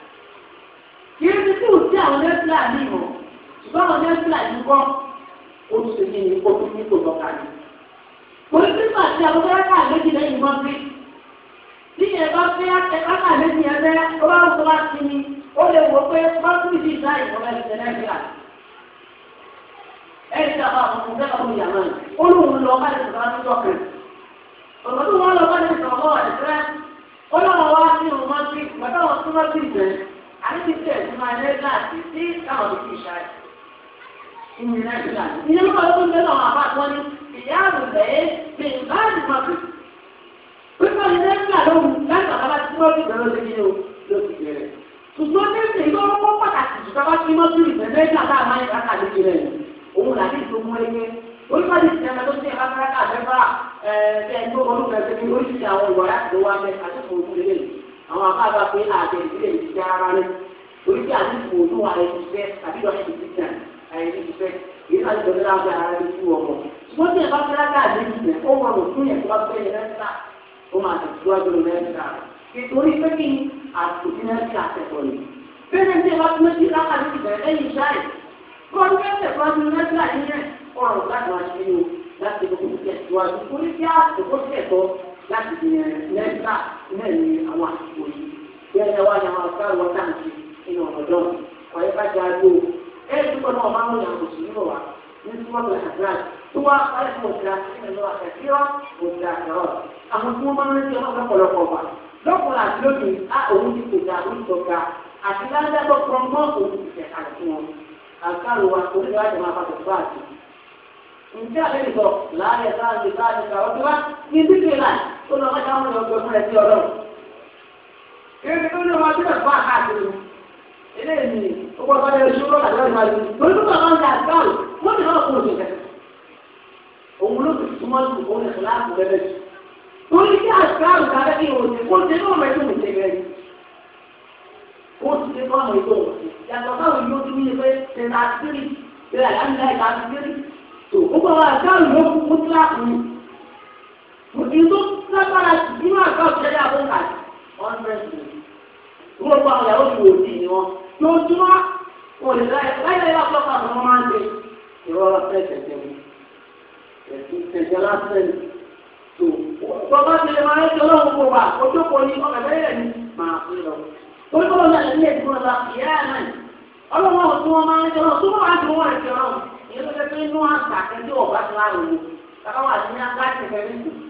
ti sí àwọn nẹ́fìlà mi o ṣùgbọ́n àwọn nẹ́fìlà yìí kọ́ oṣù mi ní ni. Pòlí àwọn fẹ́rẹ́kà méjì lẹ́yìn wọn bí. Bí ẹ bá fẹ́ ẹ̀fẹ́kà méjì ẹ fẹ́ ó bá wọ́n bá ti ni ó lè wò pé wọ́n tún ti dá ìfọ̀mọ́ ẹ̀sẹ̀ nẹ́fìlà. Ẹ̀rí ta bá àwọn ọmọdé ọmọ ìyàwó rẹ̀ ó lóun lọ àti tẹ̀ ẹ̀ máa lẹ́ gíláàsì sí káwọn lè fi ṣáà ìmì náà gíláàsì. ìyẹn ló kọ́ ló ń lọ àbá àgbọn ní ìyá àrùbẹ̀ ẹ́ pé báàgì máa fi pípọ̀ ní lẹ́gbà lóhùn láti àbábá tí wọ́n ti bẹ̀rẹ̀ lórí o ló ti bẹ̀rẹ̀. ṣùgbọ́n lẹ́sìn ìlú ọkọ̀ pàtàkì ìjọba tí wọ́n tún ìbẹ̀ mẹ́ta bá a máa ń kàkà lójú rẹ̀ òun làdí ìdógún ẹgbẹ́ onífàdí ìsinmi tó ti ẹ̀ka káraká àbẹ́fà ẹ̀ẹ́dẹ́gbẹ́ olùkọ́ ẹ̀sẹ̀ ní oríṣiríṣi àwọn ìwà láti lówó abẹ́ àti òkú lélẹ́yìí àwọn akáàbà pé àjẹ ìdílé ìdí jẹ́ ara rẹ̀ orí bí àti ìfò òdùn ààrẹ ti fẹ́ àbí lọ sí ìdí jẹ́ ààrẹ ti fẹ́ èyí láti dọ̀dọ̀ láti ara rẹ̀ tú ọmọ. ṣùgbọ́n tí ẹ̀ka fẹ́ láti àjẹ ìdílé ó wọn ò tún yẹn tó bá fẹ́ yẹn lẹ́sà ó máa tẹ̀síwájú lẹ́sà. nítorí pé kí àtòkí lẹ́sà àtẹ̀kọ̀ ni. bẹ́ẹ̀ ni ẹ̀ka fún méjì lákàtí ìbẹ̀rẹ̀ lẹ́yìn ṣáì. bọ́ọ̀lù fẹ́ẹ́ tẹ̀síwájú lẹ́sà láti yẹn lẹ́ńtà náà ní àwọn àsìkò yìí bí ẹni wá ní àwọn afẹ́ àwọn táǹkì nínú ọ̀dọ́ ọ̀yẹ́ bá jẹ́ àgbo ẹ̀ ẹ́ dúpọ̀ náà máa ń rìn àwọn òṣèlú wa ní tí wọ́n bẹ̀rẹ̀ àdúrà tó wá ọ̀yẹ́ fún òṣèlú àti ìrìnlọ àtẹ̀síọ́ òṣèlú àtẹ̀rọ̀ àwọn tí wọ́n máa ń rántí ọlọ́run lọ́pọ̀lọpọ̀ wa lọ́kùnrin àti lónìí á òun ti kò dà òun tó ga àti ládàgbọ́ kan mọ́ òun ti tẹ̀ àti wọn àkàrò wa onílẹ̀ àjẹmọ́ àpapọ̀ bá àti. ǹjẹ́ àlejò láàyè báyìí báyìí kàwọ́ tó lọ máa dáhùn lọ gbẹmú ẹsẹ Ọlọ́run ìrìn tó ní wọn sílẹ̀ fún àkàtúntò eléyìí ó gbọ́dọ̀ ní oṣù lọ́la lọ́dún wájú torí tó bàbá ń da àgbáwò wọ́n ti náà kún òṣèlú kẹta òun ló ti súnmọ́ ju òun ẹ̀sán láàbù bẹ́ẹ̀ jù torí kí àgbáwò kàkẹ́ kí òun ṣe kó ṣe ní òun ẹ̀sìn òun ṣe rẹ̀ fún àwọn ìgbò tó lágbára sí nínú àgbà òṣèlú àbúkà hundred million. Wọ́n gba àwọn ìyàwó ìwò òdì ni wọ́n. Lójúmọ́ wọn lè láyé láyé láyé wá àwọn ọmọ máa ń gbé. Ìrọ̀lá fẹ́ tẹ̀tẹ̀ mu. tẹ̀tẹ̀ lásán ni. Tó bọ́bá ti lè máa ń jọ lọ́wọ́ gbogbo wa, ojú kò ní ọmọ ẹ̀fẹ́ ni máa fi lọ. Olúkọ́ náà ní ẹ̀dùn ọ̀la ìyá ẹ̀ náà. Ọlọ́wọ́ tí wọ́n máa ń jọ lọ́wọ́ tó máa ń jọ wọ́n ìjọ náà. Ìyẹn ló fẹ́ pé inú ní agbá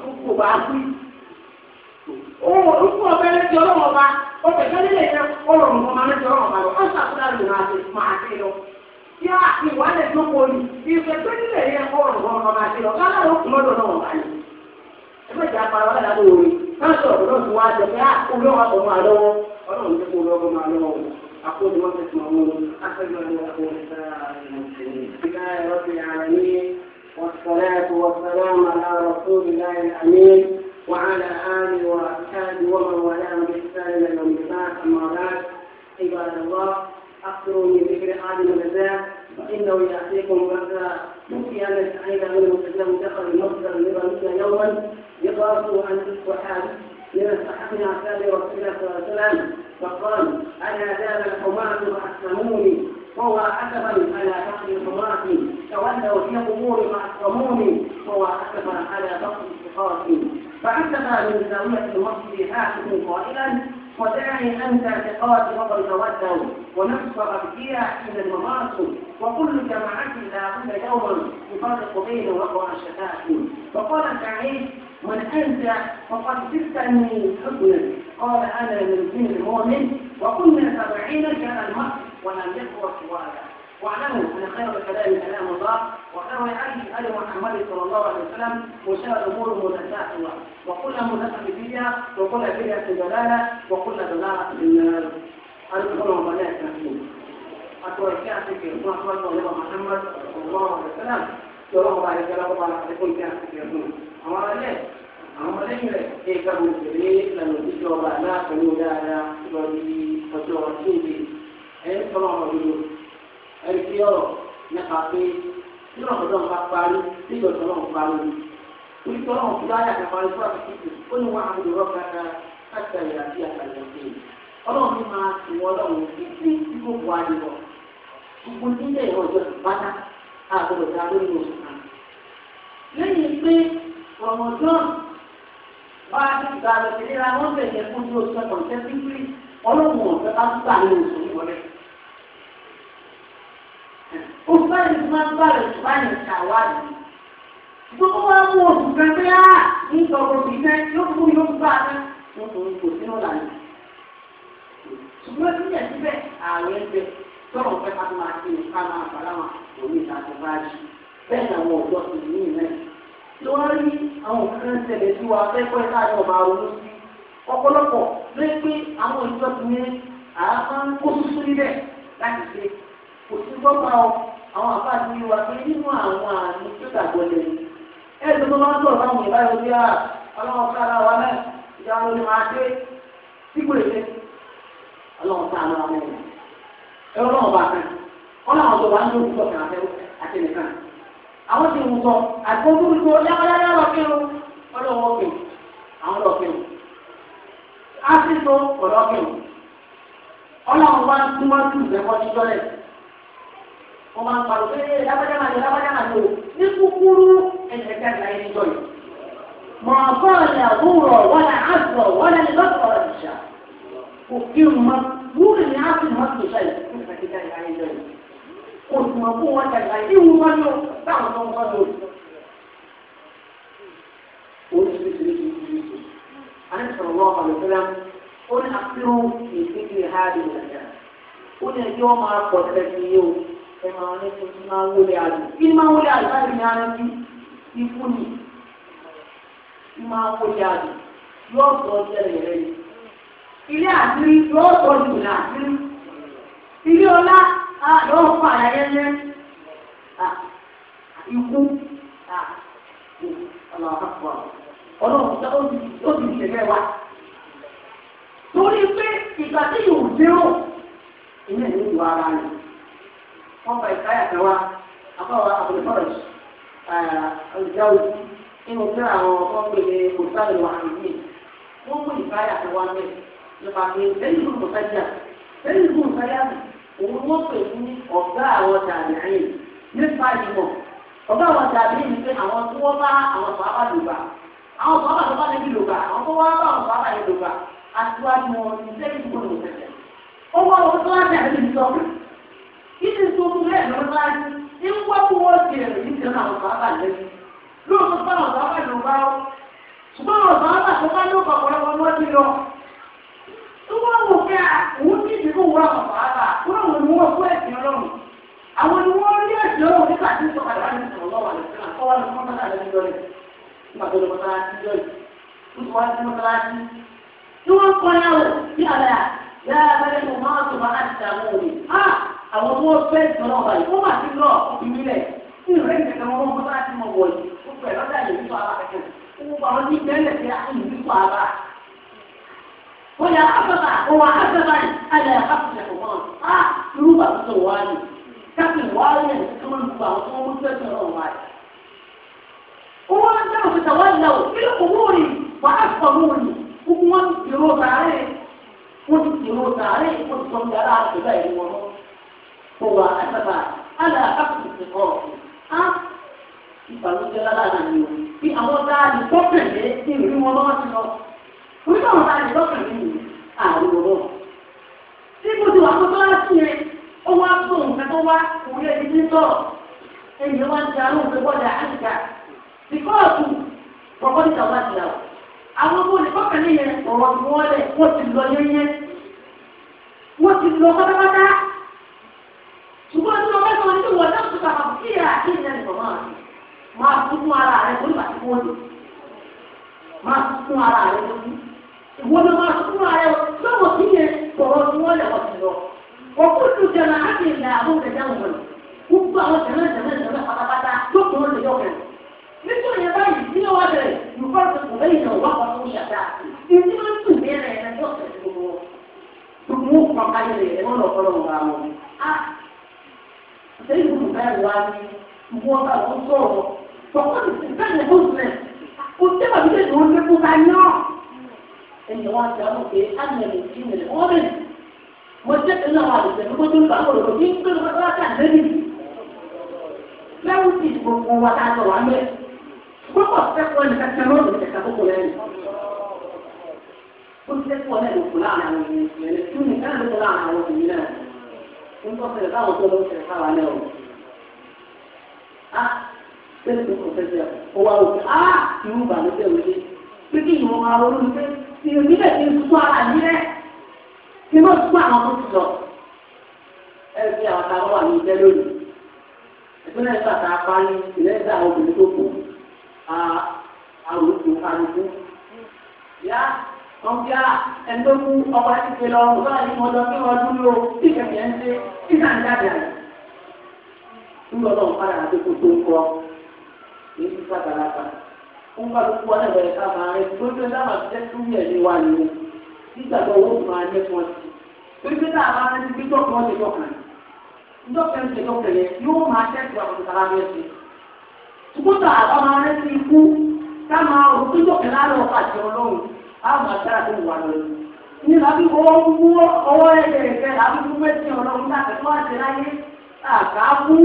kò bá kú. Òun ò dúkú ọbẹ̀ lẹ́tí ọba, ọbẹ̀ kẹ́lẹ́ lè yẹ ọrọ̀ nǹkan máa lẹ́tí ọba lọ, ọ̀sà àkúrà ló máa máa ṣe lọ. a ìwà lè tó kọ ni, ìfẹ́ tó nílẹ̀ yẹ ọrọ̀ ọba máa ṣe lọ, a والصلاة والسلام على رسول الله الأمين وعلى آله وأصحابه ومن والاه بإحسان إلى يوم أما بعد عباد الله أكثروا من ذكر هذه الغزاة فإنه يأتيكم غزا توفي أن سعيد من المسلم دخل المصدر مثل يوما يقاس عن الصحابة من الصحابة عن رسول الله صلى الله عليه وسلم فقال أنا ذاب الحمار وأسلموني وهو أسفا على فقد الحراس تولوا في أمور معصومون وهو أسفا على فقد الشقاق فعتب من زاوية المصري حاكم قائلا ودعني أنت اعتقاد نظر توده ونفس أبكية إلى الممارس وكل جماعات لا بد يوما يفرق بين وقوع الشتات فقال سعيد من أنت فقد جبتني حزنا قال أنا من المؤمن وكنا سبعين كان المرء ولم يكن سواك واعلموا أن خير الكلام كلام الله وخير الهدي هدي محمد صلى الله عليه وسلم وشر الأمور محدثاتها وكل محدثة فيها وكل بدعة ضلالة وكل ضلالة في النار أذكر وبنات مسلم أتوكل في الله صلى محمد صلى الله عليه وسلم Tolong balik kalau kepala kita pun kita fikirkan. Amal aja. Amal aja. Eh kamu sendiri lalu dicoba lah, kemudian ada lagi perjuangan sendiri. Eh tolong dulu. ẹni tí ọ̀rọ̀ nípa pé tí ọ̀rọ̀ náà bá parí tí ìgbọ̀nsẹ̀ náà parí ni. Olùkọ́ náà fi láyà kan parí fún àfikún ó ní wàá àmì ìrọ̀ kàkà láti àyè àti àtàlẹ̀ òkè. Ọlọ́run ní máa ti wọ ọlọ́run títí tí kò bu adé lọ. Gbogbo nílé ìwọ̀n ìjọ ìbáná àgbọ̀dọ̀ dá lórí oṣù kan. Lẹ́yìn pé Rọ̀mọ̀dán wá ìgbà lọ́sẹ̀lẹ́ra wọ́n bẹ̀rẹ̀ fún bí oṣù kọ̀ọ̀tẹ́ ufanye tunapale tufanye tawali gbogbo wa mú oṣù kẹfẹ á ń sọ̀rọ̀ bí fẹ yóò fún yóò fún bá fẹ wọn kò ní kò sínú lànà ṣùgbọ́n síbẹ̀ síbẹ̀ ààrẹ ń bẹ tọrọ fẹ ká máa ṣe ká máa balama òní ìdájọ́ báyìí bẹ́ẹ̀ ni àwọn ọ̀dọ́ ti ní ìlẹ lórí àwọn kan ṣẹlẹ̀ sí wa fẹfẹ káàdì ọba ronú sí ọ̀pọ̀lọpọ̀ lórí pé àwọn ìjọ kò sí gbọ́gbà ọ àwọn àbáàdì wa pé nínú àwọn àmì tó dàgbọ́ lẹ̀ ní. tó máa ń sọ̀rọ̀ bí a ọlọ́run kára wa náà ìyá wọn ni máa dé sígbò èdè ọlọ́run tá a máa mọ̀ ọ́. ẹ ọlọ́run bá kan ọlọ́run tó wà ń lóògùn sọ̀kà àti nìkan. àwọn ti wù sọ àgbọ̀gbọ̀ ọlọ́run wọ́n máa ń pariwo pé ẹ lábájá máa ní lábájá máa ní o ní kúkúrú ẹnìkẹ́kẹ́ àgbà yẹn níjọ yìí. mọ̀ọ́kọ́ọ̀lẹ̀ àbúrò wọlé àbúrò wọlé lọ́sọ̀rọ̀ ìṣà kò kí n ma wúrì ní àbúrò má tó sẹ́yìn kó kàkíkà ìgbà yẹn níjọ yìí. kò sì mọ̀ fún wọn kàkà ìwú wọn lọ táwọn tó ń bọ́ lọ. oríṣiríṣiríṣiríṣi àníṣòro wọn kọ̀ lọ́sọ̀rọ̀ ó ní ẹ máa ní kí n máa wọlé àlù kí n máa wọlé àlù báyìí ní ara bí ikú ni n máa wọlé àlù yóò sọ ọjọ́rẹ̀ rẹ ni ilé àdírí yóò sọ jù ní àdírí ilé ọlá yóò fọ àyàyẹ lẹ ikú ọlọ́run tó ó ti ṣe mẹ́wàá torí pé ìgbà tí yóò dérò ìyẹn ní ìwà ara rẹ̀ wọ́n gba ìkáyà kan wá àbáwọ̀ àbùdókọ́rọ̀jì olùdáwò nínú tí àwọn ọmọ pè ní mùsàlù wà nìyí wọ́n mú ìkáyà kan wá mẹ́ nípa pé lẹ́yìn ìlú mùsàlù lẹ́yìn ìlú mùsàlù òun wọ́n pè ní ọ̀gá àwọn tàbí àyè nípa ìmọ̀ ọ̀gá àwọn tàbí àyè ni pé àwọn tí wọ́n bá àwọn sàábà lògbà àwọn sàábà tó bá lẹ́bí lògbà àwọn tó wá bá àwọn sàábà yẹn lògbà àtiwájú wọn ní lẹ́yìn ìlú mùsàlù ó wọ́n wọ́n tó wá ìdí tuntun bẹ́ẹ̀ ló máa ń ń wá kó wọ́n ti ẹ̀rọ yìí tẹ̀lé àwọn bàbá lẹ́yìn lóòótọ́ bá àwọn bàbá ló bá ó ṣùgbọ́n àwọn bàbá tó bá yóò bàbá wọn ti lọ. tó wò pé òun ní ìdílé wọ àwọn bàbá wọ́n wò ní wọ́n kó ẹ̀sìn ọlọ́run àwọn ni wọ́n rí ẹ̀sìn ọlọ́run nígbà tí ìsọ̀kalẹ̀ tí wọ́n kọ́ yàwó sí àlẹ́ yàrá abẹ́rẹ́ mọ́ máa tó máa ń dààmú òní àwọn tó fẹ́ sọ̀rọ̀ ọ̀bà yìí wọ́n máa ti lọ ìmílẹ̀ ní ìrẹ́ ìtẹ̀tẹ̀ wọn wọ́n bá ti mọ̀ wọ̀ yìí ó pẹ̀ lọ́dà yìí nípa ara kẹ̀kẹ́ gbogbo àwọn ní bẹ́ẹ̀lẹ̀ tí a ń yìí nípa ara. ó yà áfẹ́fà ó wà áfẹ́fà yìí alẹ́ àkàtúnṣe kò mọ̀ á irú bàbá tó wà ní káfíń wà lẹ̀ tó ń gbogbo àwọn tó ń fẹ́ sọ̀rọ̀ wà yìí. owó ń dá òṣìṣẹ́ wà lọ bí owó rì wà á sọ owó هو أسفا على حفظ الصغار أه ìbànújẹ́ lára ni o bí àwọn tá a lè tọ́kànlé wọn lọ́wọ́ ti lọ orí àwọn tá a lè tọ́kànlé ọ̀rọ̀ tí mo ti wà fún yẹn ó wá fún nǹkan tó wá òun yẹn ti sọ̀rọ̀ ẹ̀yìn wá ti àwọn òfin bọ́ọ̀dà àṣìkà bíkọ́ọ̀tù ọ̀pọ̀ níta wá ti rà o àwọn ọmọ olùkọ́kànlé yẹn ọ̀rọ̀ ti wọ́n wọ́n ti lọ yẹn ṣùgbọ́n tí wọ́n bá sọ ní wọ́n náà tún kàkà sí ìlà àti ìlẹ̀ nìkan máa rí máa fún ara rẹ lórí àti wọ́n lò máa fún ara rẹ lórí ìwọ ni máa fún ara rẹ lọ́wọ́ sí yẹn sọ̀rọ̀ tí wọ́n lẹ̀ wọ́n ti lọ. òkú tún jẹun àti ìlà àwọn ìdájọ́ wọn gbogbo àwọn jẹ̀mẹ́ jẹ̀mẹ́ jẹ̀mẹ́ pátápátá yóò lè yọ kẹrin. nítorí yẹn báyìí sẹ́yìn ìlú báyìí wá ní ìwọ ọba àwọn sọ̀rọ̀ tọ́kọ́ ti ti bẹ́ẹ̀ ní bóṣùlẹ̀ kò sí ẹ̀wà nílé ìdòwò ní kó ká yọ. ẹnì wọn ti àwọn pé ánìyàn lè fi ìrìn wọn rìn mo jẹ́ pé náà wà lè tẹ̀lé kó tó ń bá wọlé kò ní pé wọ́n bá ti gbogbo wa ká lọ wá mẹ́. gbogbo ọ̀sẹ̀kọ̀ ẹnì kẹta ló lè tẹ̀ka kókò lẹ́yìn. ó ti tẹ́kọ̀ọ́ náà lè nígbà tó yẹ káwọn tó ló ń ṣe káwa náà o. a bẹ́ẹ̀ tó kọ fẹsẹ̀ ọ wá òkè a ìwú ìbànújẹ́ wọlé pé kí ìwọ máa ronú pé ìrìn níbẹ̀ ti ń sún ara yín rẹ̀ kí ló sún àwọn tó ti lọ. ẹ fi àwọn ta wà ní ìjẹ́ lónìí ìpínlẹ̀ ìgbà tá a pa ní ìlẹ́ ìgbà obìnrin tó kù àròkù àròkù yá wọn bí a ah, ẹni tó kú ọba ti gbé lọ wọn bá yìí wọn lọ kí wọn dúró tí ìkẹkẹ ń ṣe tí náà ń dàgbà rẹ nígbà tó ń padà àti kò tó ń kọ èyí ti sábà lápá wọn bá tó kú wọn lẹbẹ ká máa rẹ tó tó dábàá ti tẹsí wúyẹ ní wa ni o nígbà tó owó tó máa yẹ fún ọ sí torí pé náà máa ń ti dọ́kọ̀ ọ́ ti dọ́kọ̀ rẹ ń ṣe dọ́kọ̀ yẹ yóò máa tẹ̀sí àmọ̀tá àti ìwà lórí. ní lábí owó ọwọ́ ẹ̀jẹ̀ ìfẹ́ làbí fún méjì ọlọ́run náà tẹ̀síwájú láti láyé àkáàkú.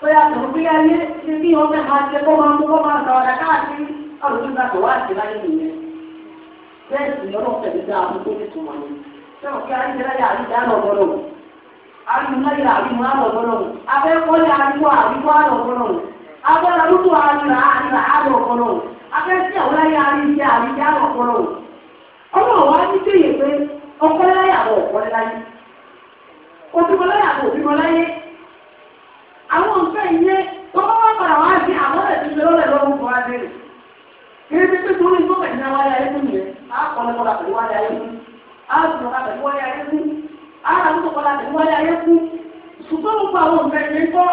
bóyá tó bí ayé ti bí ọmọ ẹ̀ máa ṣe kó máa mú kó máa ọ̀dà káàkiri wá láyé nìyẹn. bẹ́ẹ̀ sì dáa fún tó ní ni. sẹ́wọ̀n kí abẹ́sí àwọn láyé àríyá àríyá ọ̀pọ̀lọ̀ wò ọmọ wa ní kéye pé ọkọ láyé àwọn ọ̀pọ̀ láyé òtúmọ̀ láyé àwọn òtúmọ̀ láyé àwọn nǹkan ìyẹn tọ́kọ́ wọn padà wá sí àwọn ẹ̀sìn ìṣẹ́ lọ́lẹ̀ lọ́wọ́ fún wa délé kéré pé pé torí tó bẹ̀rẹ̀ náà ayé fún yẹn á kọ́ lọ́kọ́ la pẹ̀lú wáyé ayé fún á sùn lọ́kọ́ la ayé fún á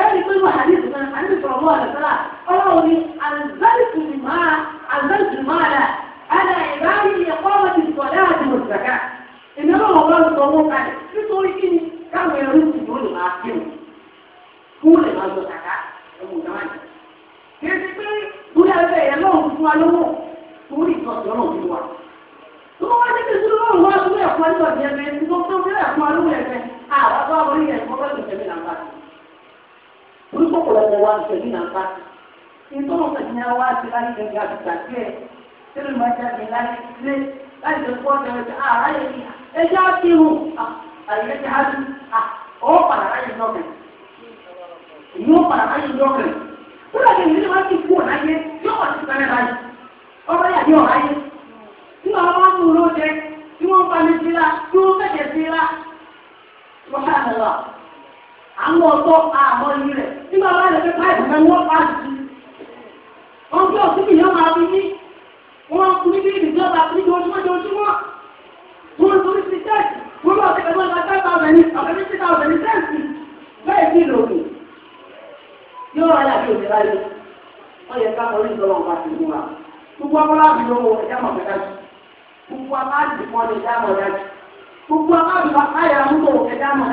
ẹ̀rí pé wọ́n àdéhùn náà àdéhùn sọ̀rọ̀ wọ́n àdàtàrà ọlọ́run ni àzálìkù máa àzálìkù máa dà àdà ìbáyé ẹ̀kọ́ wọn ti sọ̀ dáa ti mọ̀ sàkà ìnáwó wọn bá ń sọ wọn kalẹ̀ nítorí kí ni káwọn ẹrú ti ló lè máa fi wọn kú lè máa lọ sàkà ẹ̀wọ̀n náà ni. kì í ti pé bóyá ẹgbẹ́ yẹn lọ́wọ́ fún wa lọ́wọ́ torí ìtọ́jú ọ̀rọ̀ mi wà. tó wọ́n ti tẹ̀sí lọ́wọ́ wọn lọ́wọ́ ẹ̀kọ́ orúkọ ọ̀pọ̀lọpọ̀ wa ń náà ká ìtọ́nà tẹ̀sán yẹn wá sí láyé gẹ́gẹ́ àtúntà díẹ̀ tẹ́lẹ̀ máa jáde láyé lé láyé tó kọ́ ọ̀dọ̀ ẹ̀jẹ̀ àráyè ah, ni ah, ẹ̀jẹ̀ á ti hù àyè ti á ti ọ̀ padà ráyè lọ́kẹ̀ ìyẹn ó padà ráyè lọ́kẹ̀ kúrò àti ìdílé wa ti kú ọ̀láyé yóò wà sí sáré láyé ọ̀rọ̀ yà ní ọ̀láyé tí wọ́n bá mú un lóde tí wọ́n bá mi sí la tí wọ́n fẹ̀jẹ̀ àwọn ọ̀tọ́ àmọ́ yìí rẹ̀ nígbà bá lè fi páìpù rẹ̀ wọ́n wọ́n gbé òsì mi yọ máa ní wọ́n kú ní bíi ìjọba àti ojúmọ́ ní ojúmọ́. wọ́n sí tẹ́ẹ̀sì wọ́n tẹ́ẹ̀sì ní tẹ́ẹ̀sì bẹ́ẹ̀ lòdì. yóò láyé wọ́n yẹ orí ti mú wa. gbogbo mọ̀ dájú gbogbo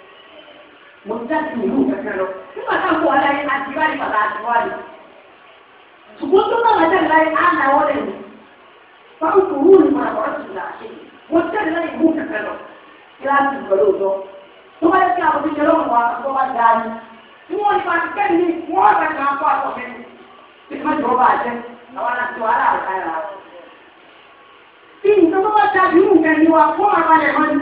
mo ti dájú ìlú kankan lọ nígbà táwọn kó wáyé ayé àti ìwádìí bàbá àti ìwádìí ṣùgbọ́n tó náà wájà láyé á nà ọ́ lẹ̀ mí báwo kò wúlò mà ọ́ sì là ṣe mo ti dájú láyé ìlú kankan lọ kíláàsì ìgbọ̀lọ́ òjọ́ tó bá yẹ kí àwọn oníṣẹ́ lọ́wọ́ wa tó bá dá ní ní wọ́n ní pàṣẹ kẹ́ni ní wọ́n bá kàn án kó àtọ̀ mi bí wọ́n jọ bá àwọn àti wàhálà àtàrà. bí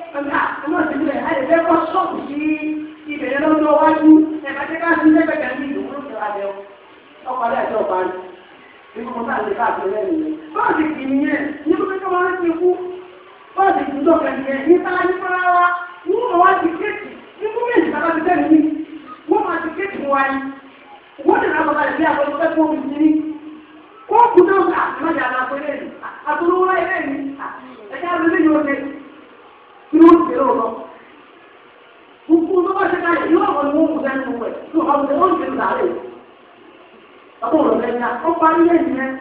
ọ̀gá ọmọ ìdílé rẹ̀ á fẹ́ kọ́ ṣọ́ọ̀bù sí ibẹ̀ lọ́dún ọwájú ẹ̀ka tí káàsì lẹ́gbẹ̀ẹ́ kan ní ìlú ló fẹ́ abẹ́ ọkọ̀ alẹ́ ọ̀pá ni bí kò máa lè káàkiri lẹ́nu yẹn. bọ́ọ̀sì kì í yẹn ní kó kẹ́kẹ́ wọn ti ní sára náà bàbá ìdí àbọ̀ lọ́pẹ́ fún omi sí ni kó kù náà kí ló ń tẹ̀lé ọ̀nà. Gbogbo tó bá ṣe káyọ̀ yóò àwọn ni wọ́n mú sẹ́nu mú ẹ̀ tó àwọn ni wọ́n ń tẹ̀lé sáré. Bàbá òun lọ́dẹ ní akọ́ parí lẹ́yìn rẹ̀.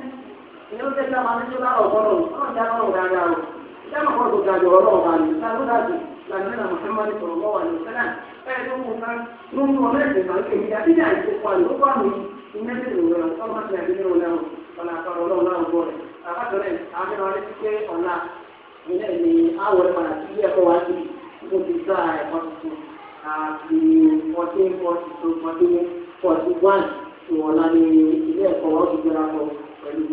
Ìyẹn ló tẹ̀lé àwọn ẹni tó bá ọ̀gbọ́n lọ, wọ́n ti àwọn ọ̀gá ara rẹ̀. Ìjà máa kọ́ ọ̀gá àjọ ọ̀rọ̀ ọ̀gá rẹ̀ lálọ́ dàbí làmínà Mùsùlùmí sọ̀rọ̀ mọ́ wà ní sẹ́nà. Bẹ́ẹ̀ ló mú kan ló mú ọmọ ẹ̀sìn máa kéwì àti ní àìsí pa ló bá mi iná ní ìlú rẹ̀ ọlọ́mọ ti àdínní ọ̀la ọ̀la àkàrọ̀ ọlọ́ọ̀la ọ̀gbọ́n rẹ̀. Àbájọ rẹ̀ àmì ilé ni àwọn ìpadà sí ilé ẹ̀kọ́ wa sí mo ti sá ẹ̀kọ́ tuntun àti fourteen forty two fourteen forty one tí wọ́n lá ní ilé ẹ̀kọ́ wa ti gbéra pọ̀ pẹ̀lú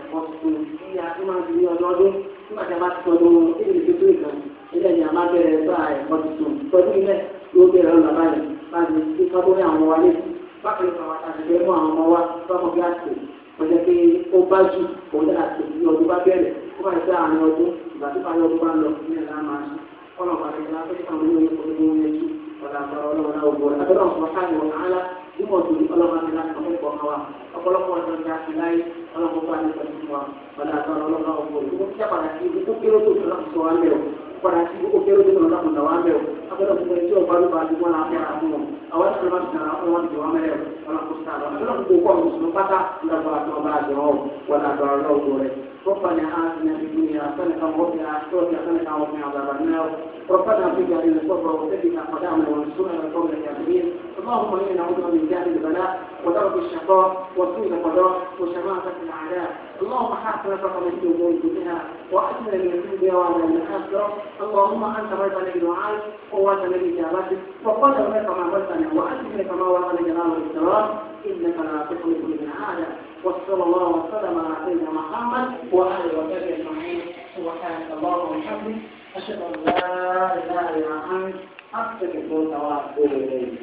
ẹ̀kọ́ tuntun tí a ti máa ń fi ọlọ́dún nígbà tí a bá ti tọ́jú ilé ìṣètò ìkànnì ilé ní a máa bẹ̀rẹ̀ sá ẹ̀kọ́ tuntun tọ́jú ilé tí ó bẹ̀rẹ̀ ọ̀nà báyìí láti fi kọ́tọ́ ní àwọn wa bákan náà wàtà àtẹ̀jẹ́ fún àwọn ọmọ wa fọ́mọ bí àtẹ̀ wọ́n jẹ́ pé ó bá jù òun náà àtẹ̀jẹ́ ọdún bá bẹ̀rẹ̀ ó bá jẹ́ àárín ọdún ìgbà tí báyọ̀ bá lọ sí ẹ̀dá máa ṣe kọ́nà pàtàkì láti sàmú ní ogun ní ẹ̀jú ọ̀dà àbọ̀rọ̀ ọlọ́run ọgbọ̀n abẹ́rẹ́ ọ̀sán káàdì ọ̀nà ńlá nígbà tó ọlọ́run ti láti sọ̀rọ̀ ìpọ̀ wa ọ̀pọ̀lọpọ̀ ọ̀dọ́ ti láti láyé ọlọ́run bá ní pẹ̀lú wa ọ̀dà àbọ̀rọ̀ ọlọ́run ọgbọ̀n farati ko kero de no na ko dawa me o akala ko ne jo balu balu ko na ya mu awan ko ma tsara ko wa dawa me o ala ko sta da ala ko ko ko no pata da ba to ba de o wala da ala o dole ربنا آتنا في الدنيا حسنة وفي الآخرة حسنة وقنا عذاب النار ربنا اغفر لنا الصبر وثبت أقدامنا وانصرنا على القوم اللهم إنا نعوذ من جهل البلاء ودرك الشقاء وسوء القضاء وشماتة الأعداء اللهم حسن فقط من الأمور كلها وأجمل من الدنيا وعلى الآخرة اللهم انت رجل الدعاء قوتنا باجابتك وقدرنا كما عملتنا واجبنا كما وصل جلال الكرام انك لا تخلف من هذا وصلى الله وسلم على سيدنا محمد واله وصحبه اجمعين سبحانك اللهم وبحمدك اشهد ان لا اله الا انت استغفرك واتوب اليك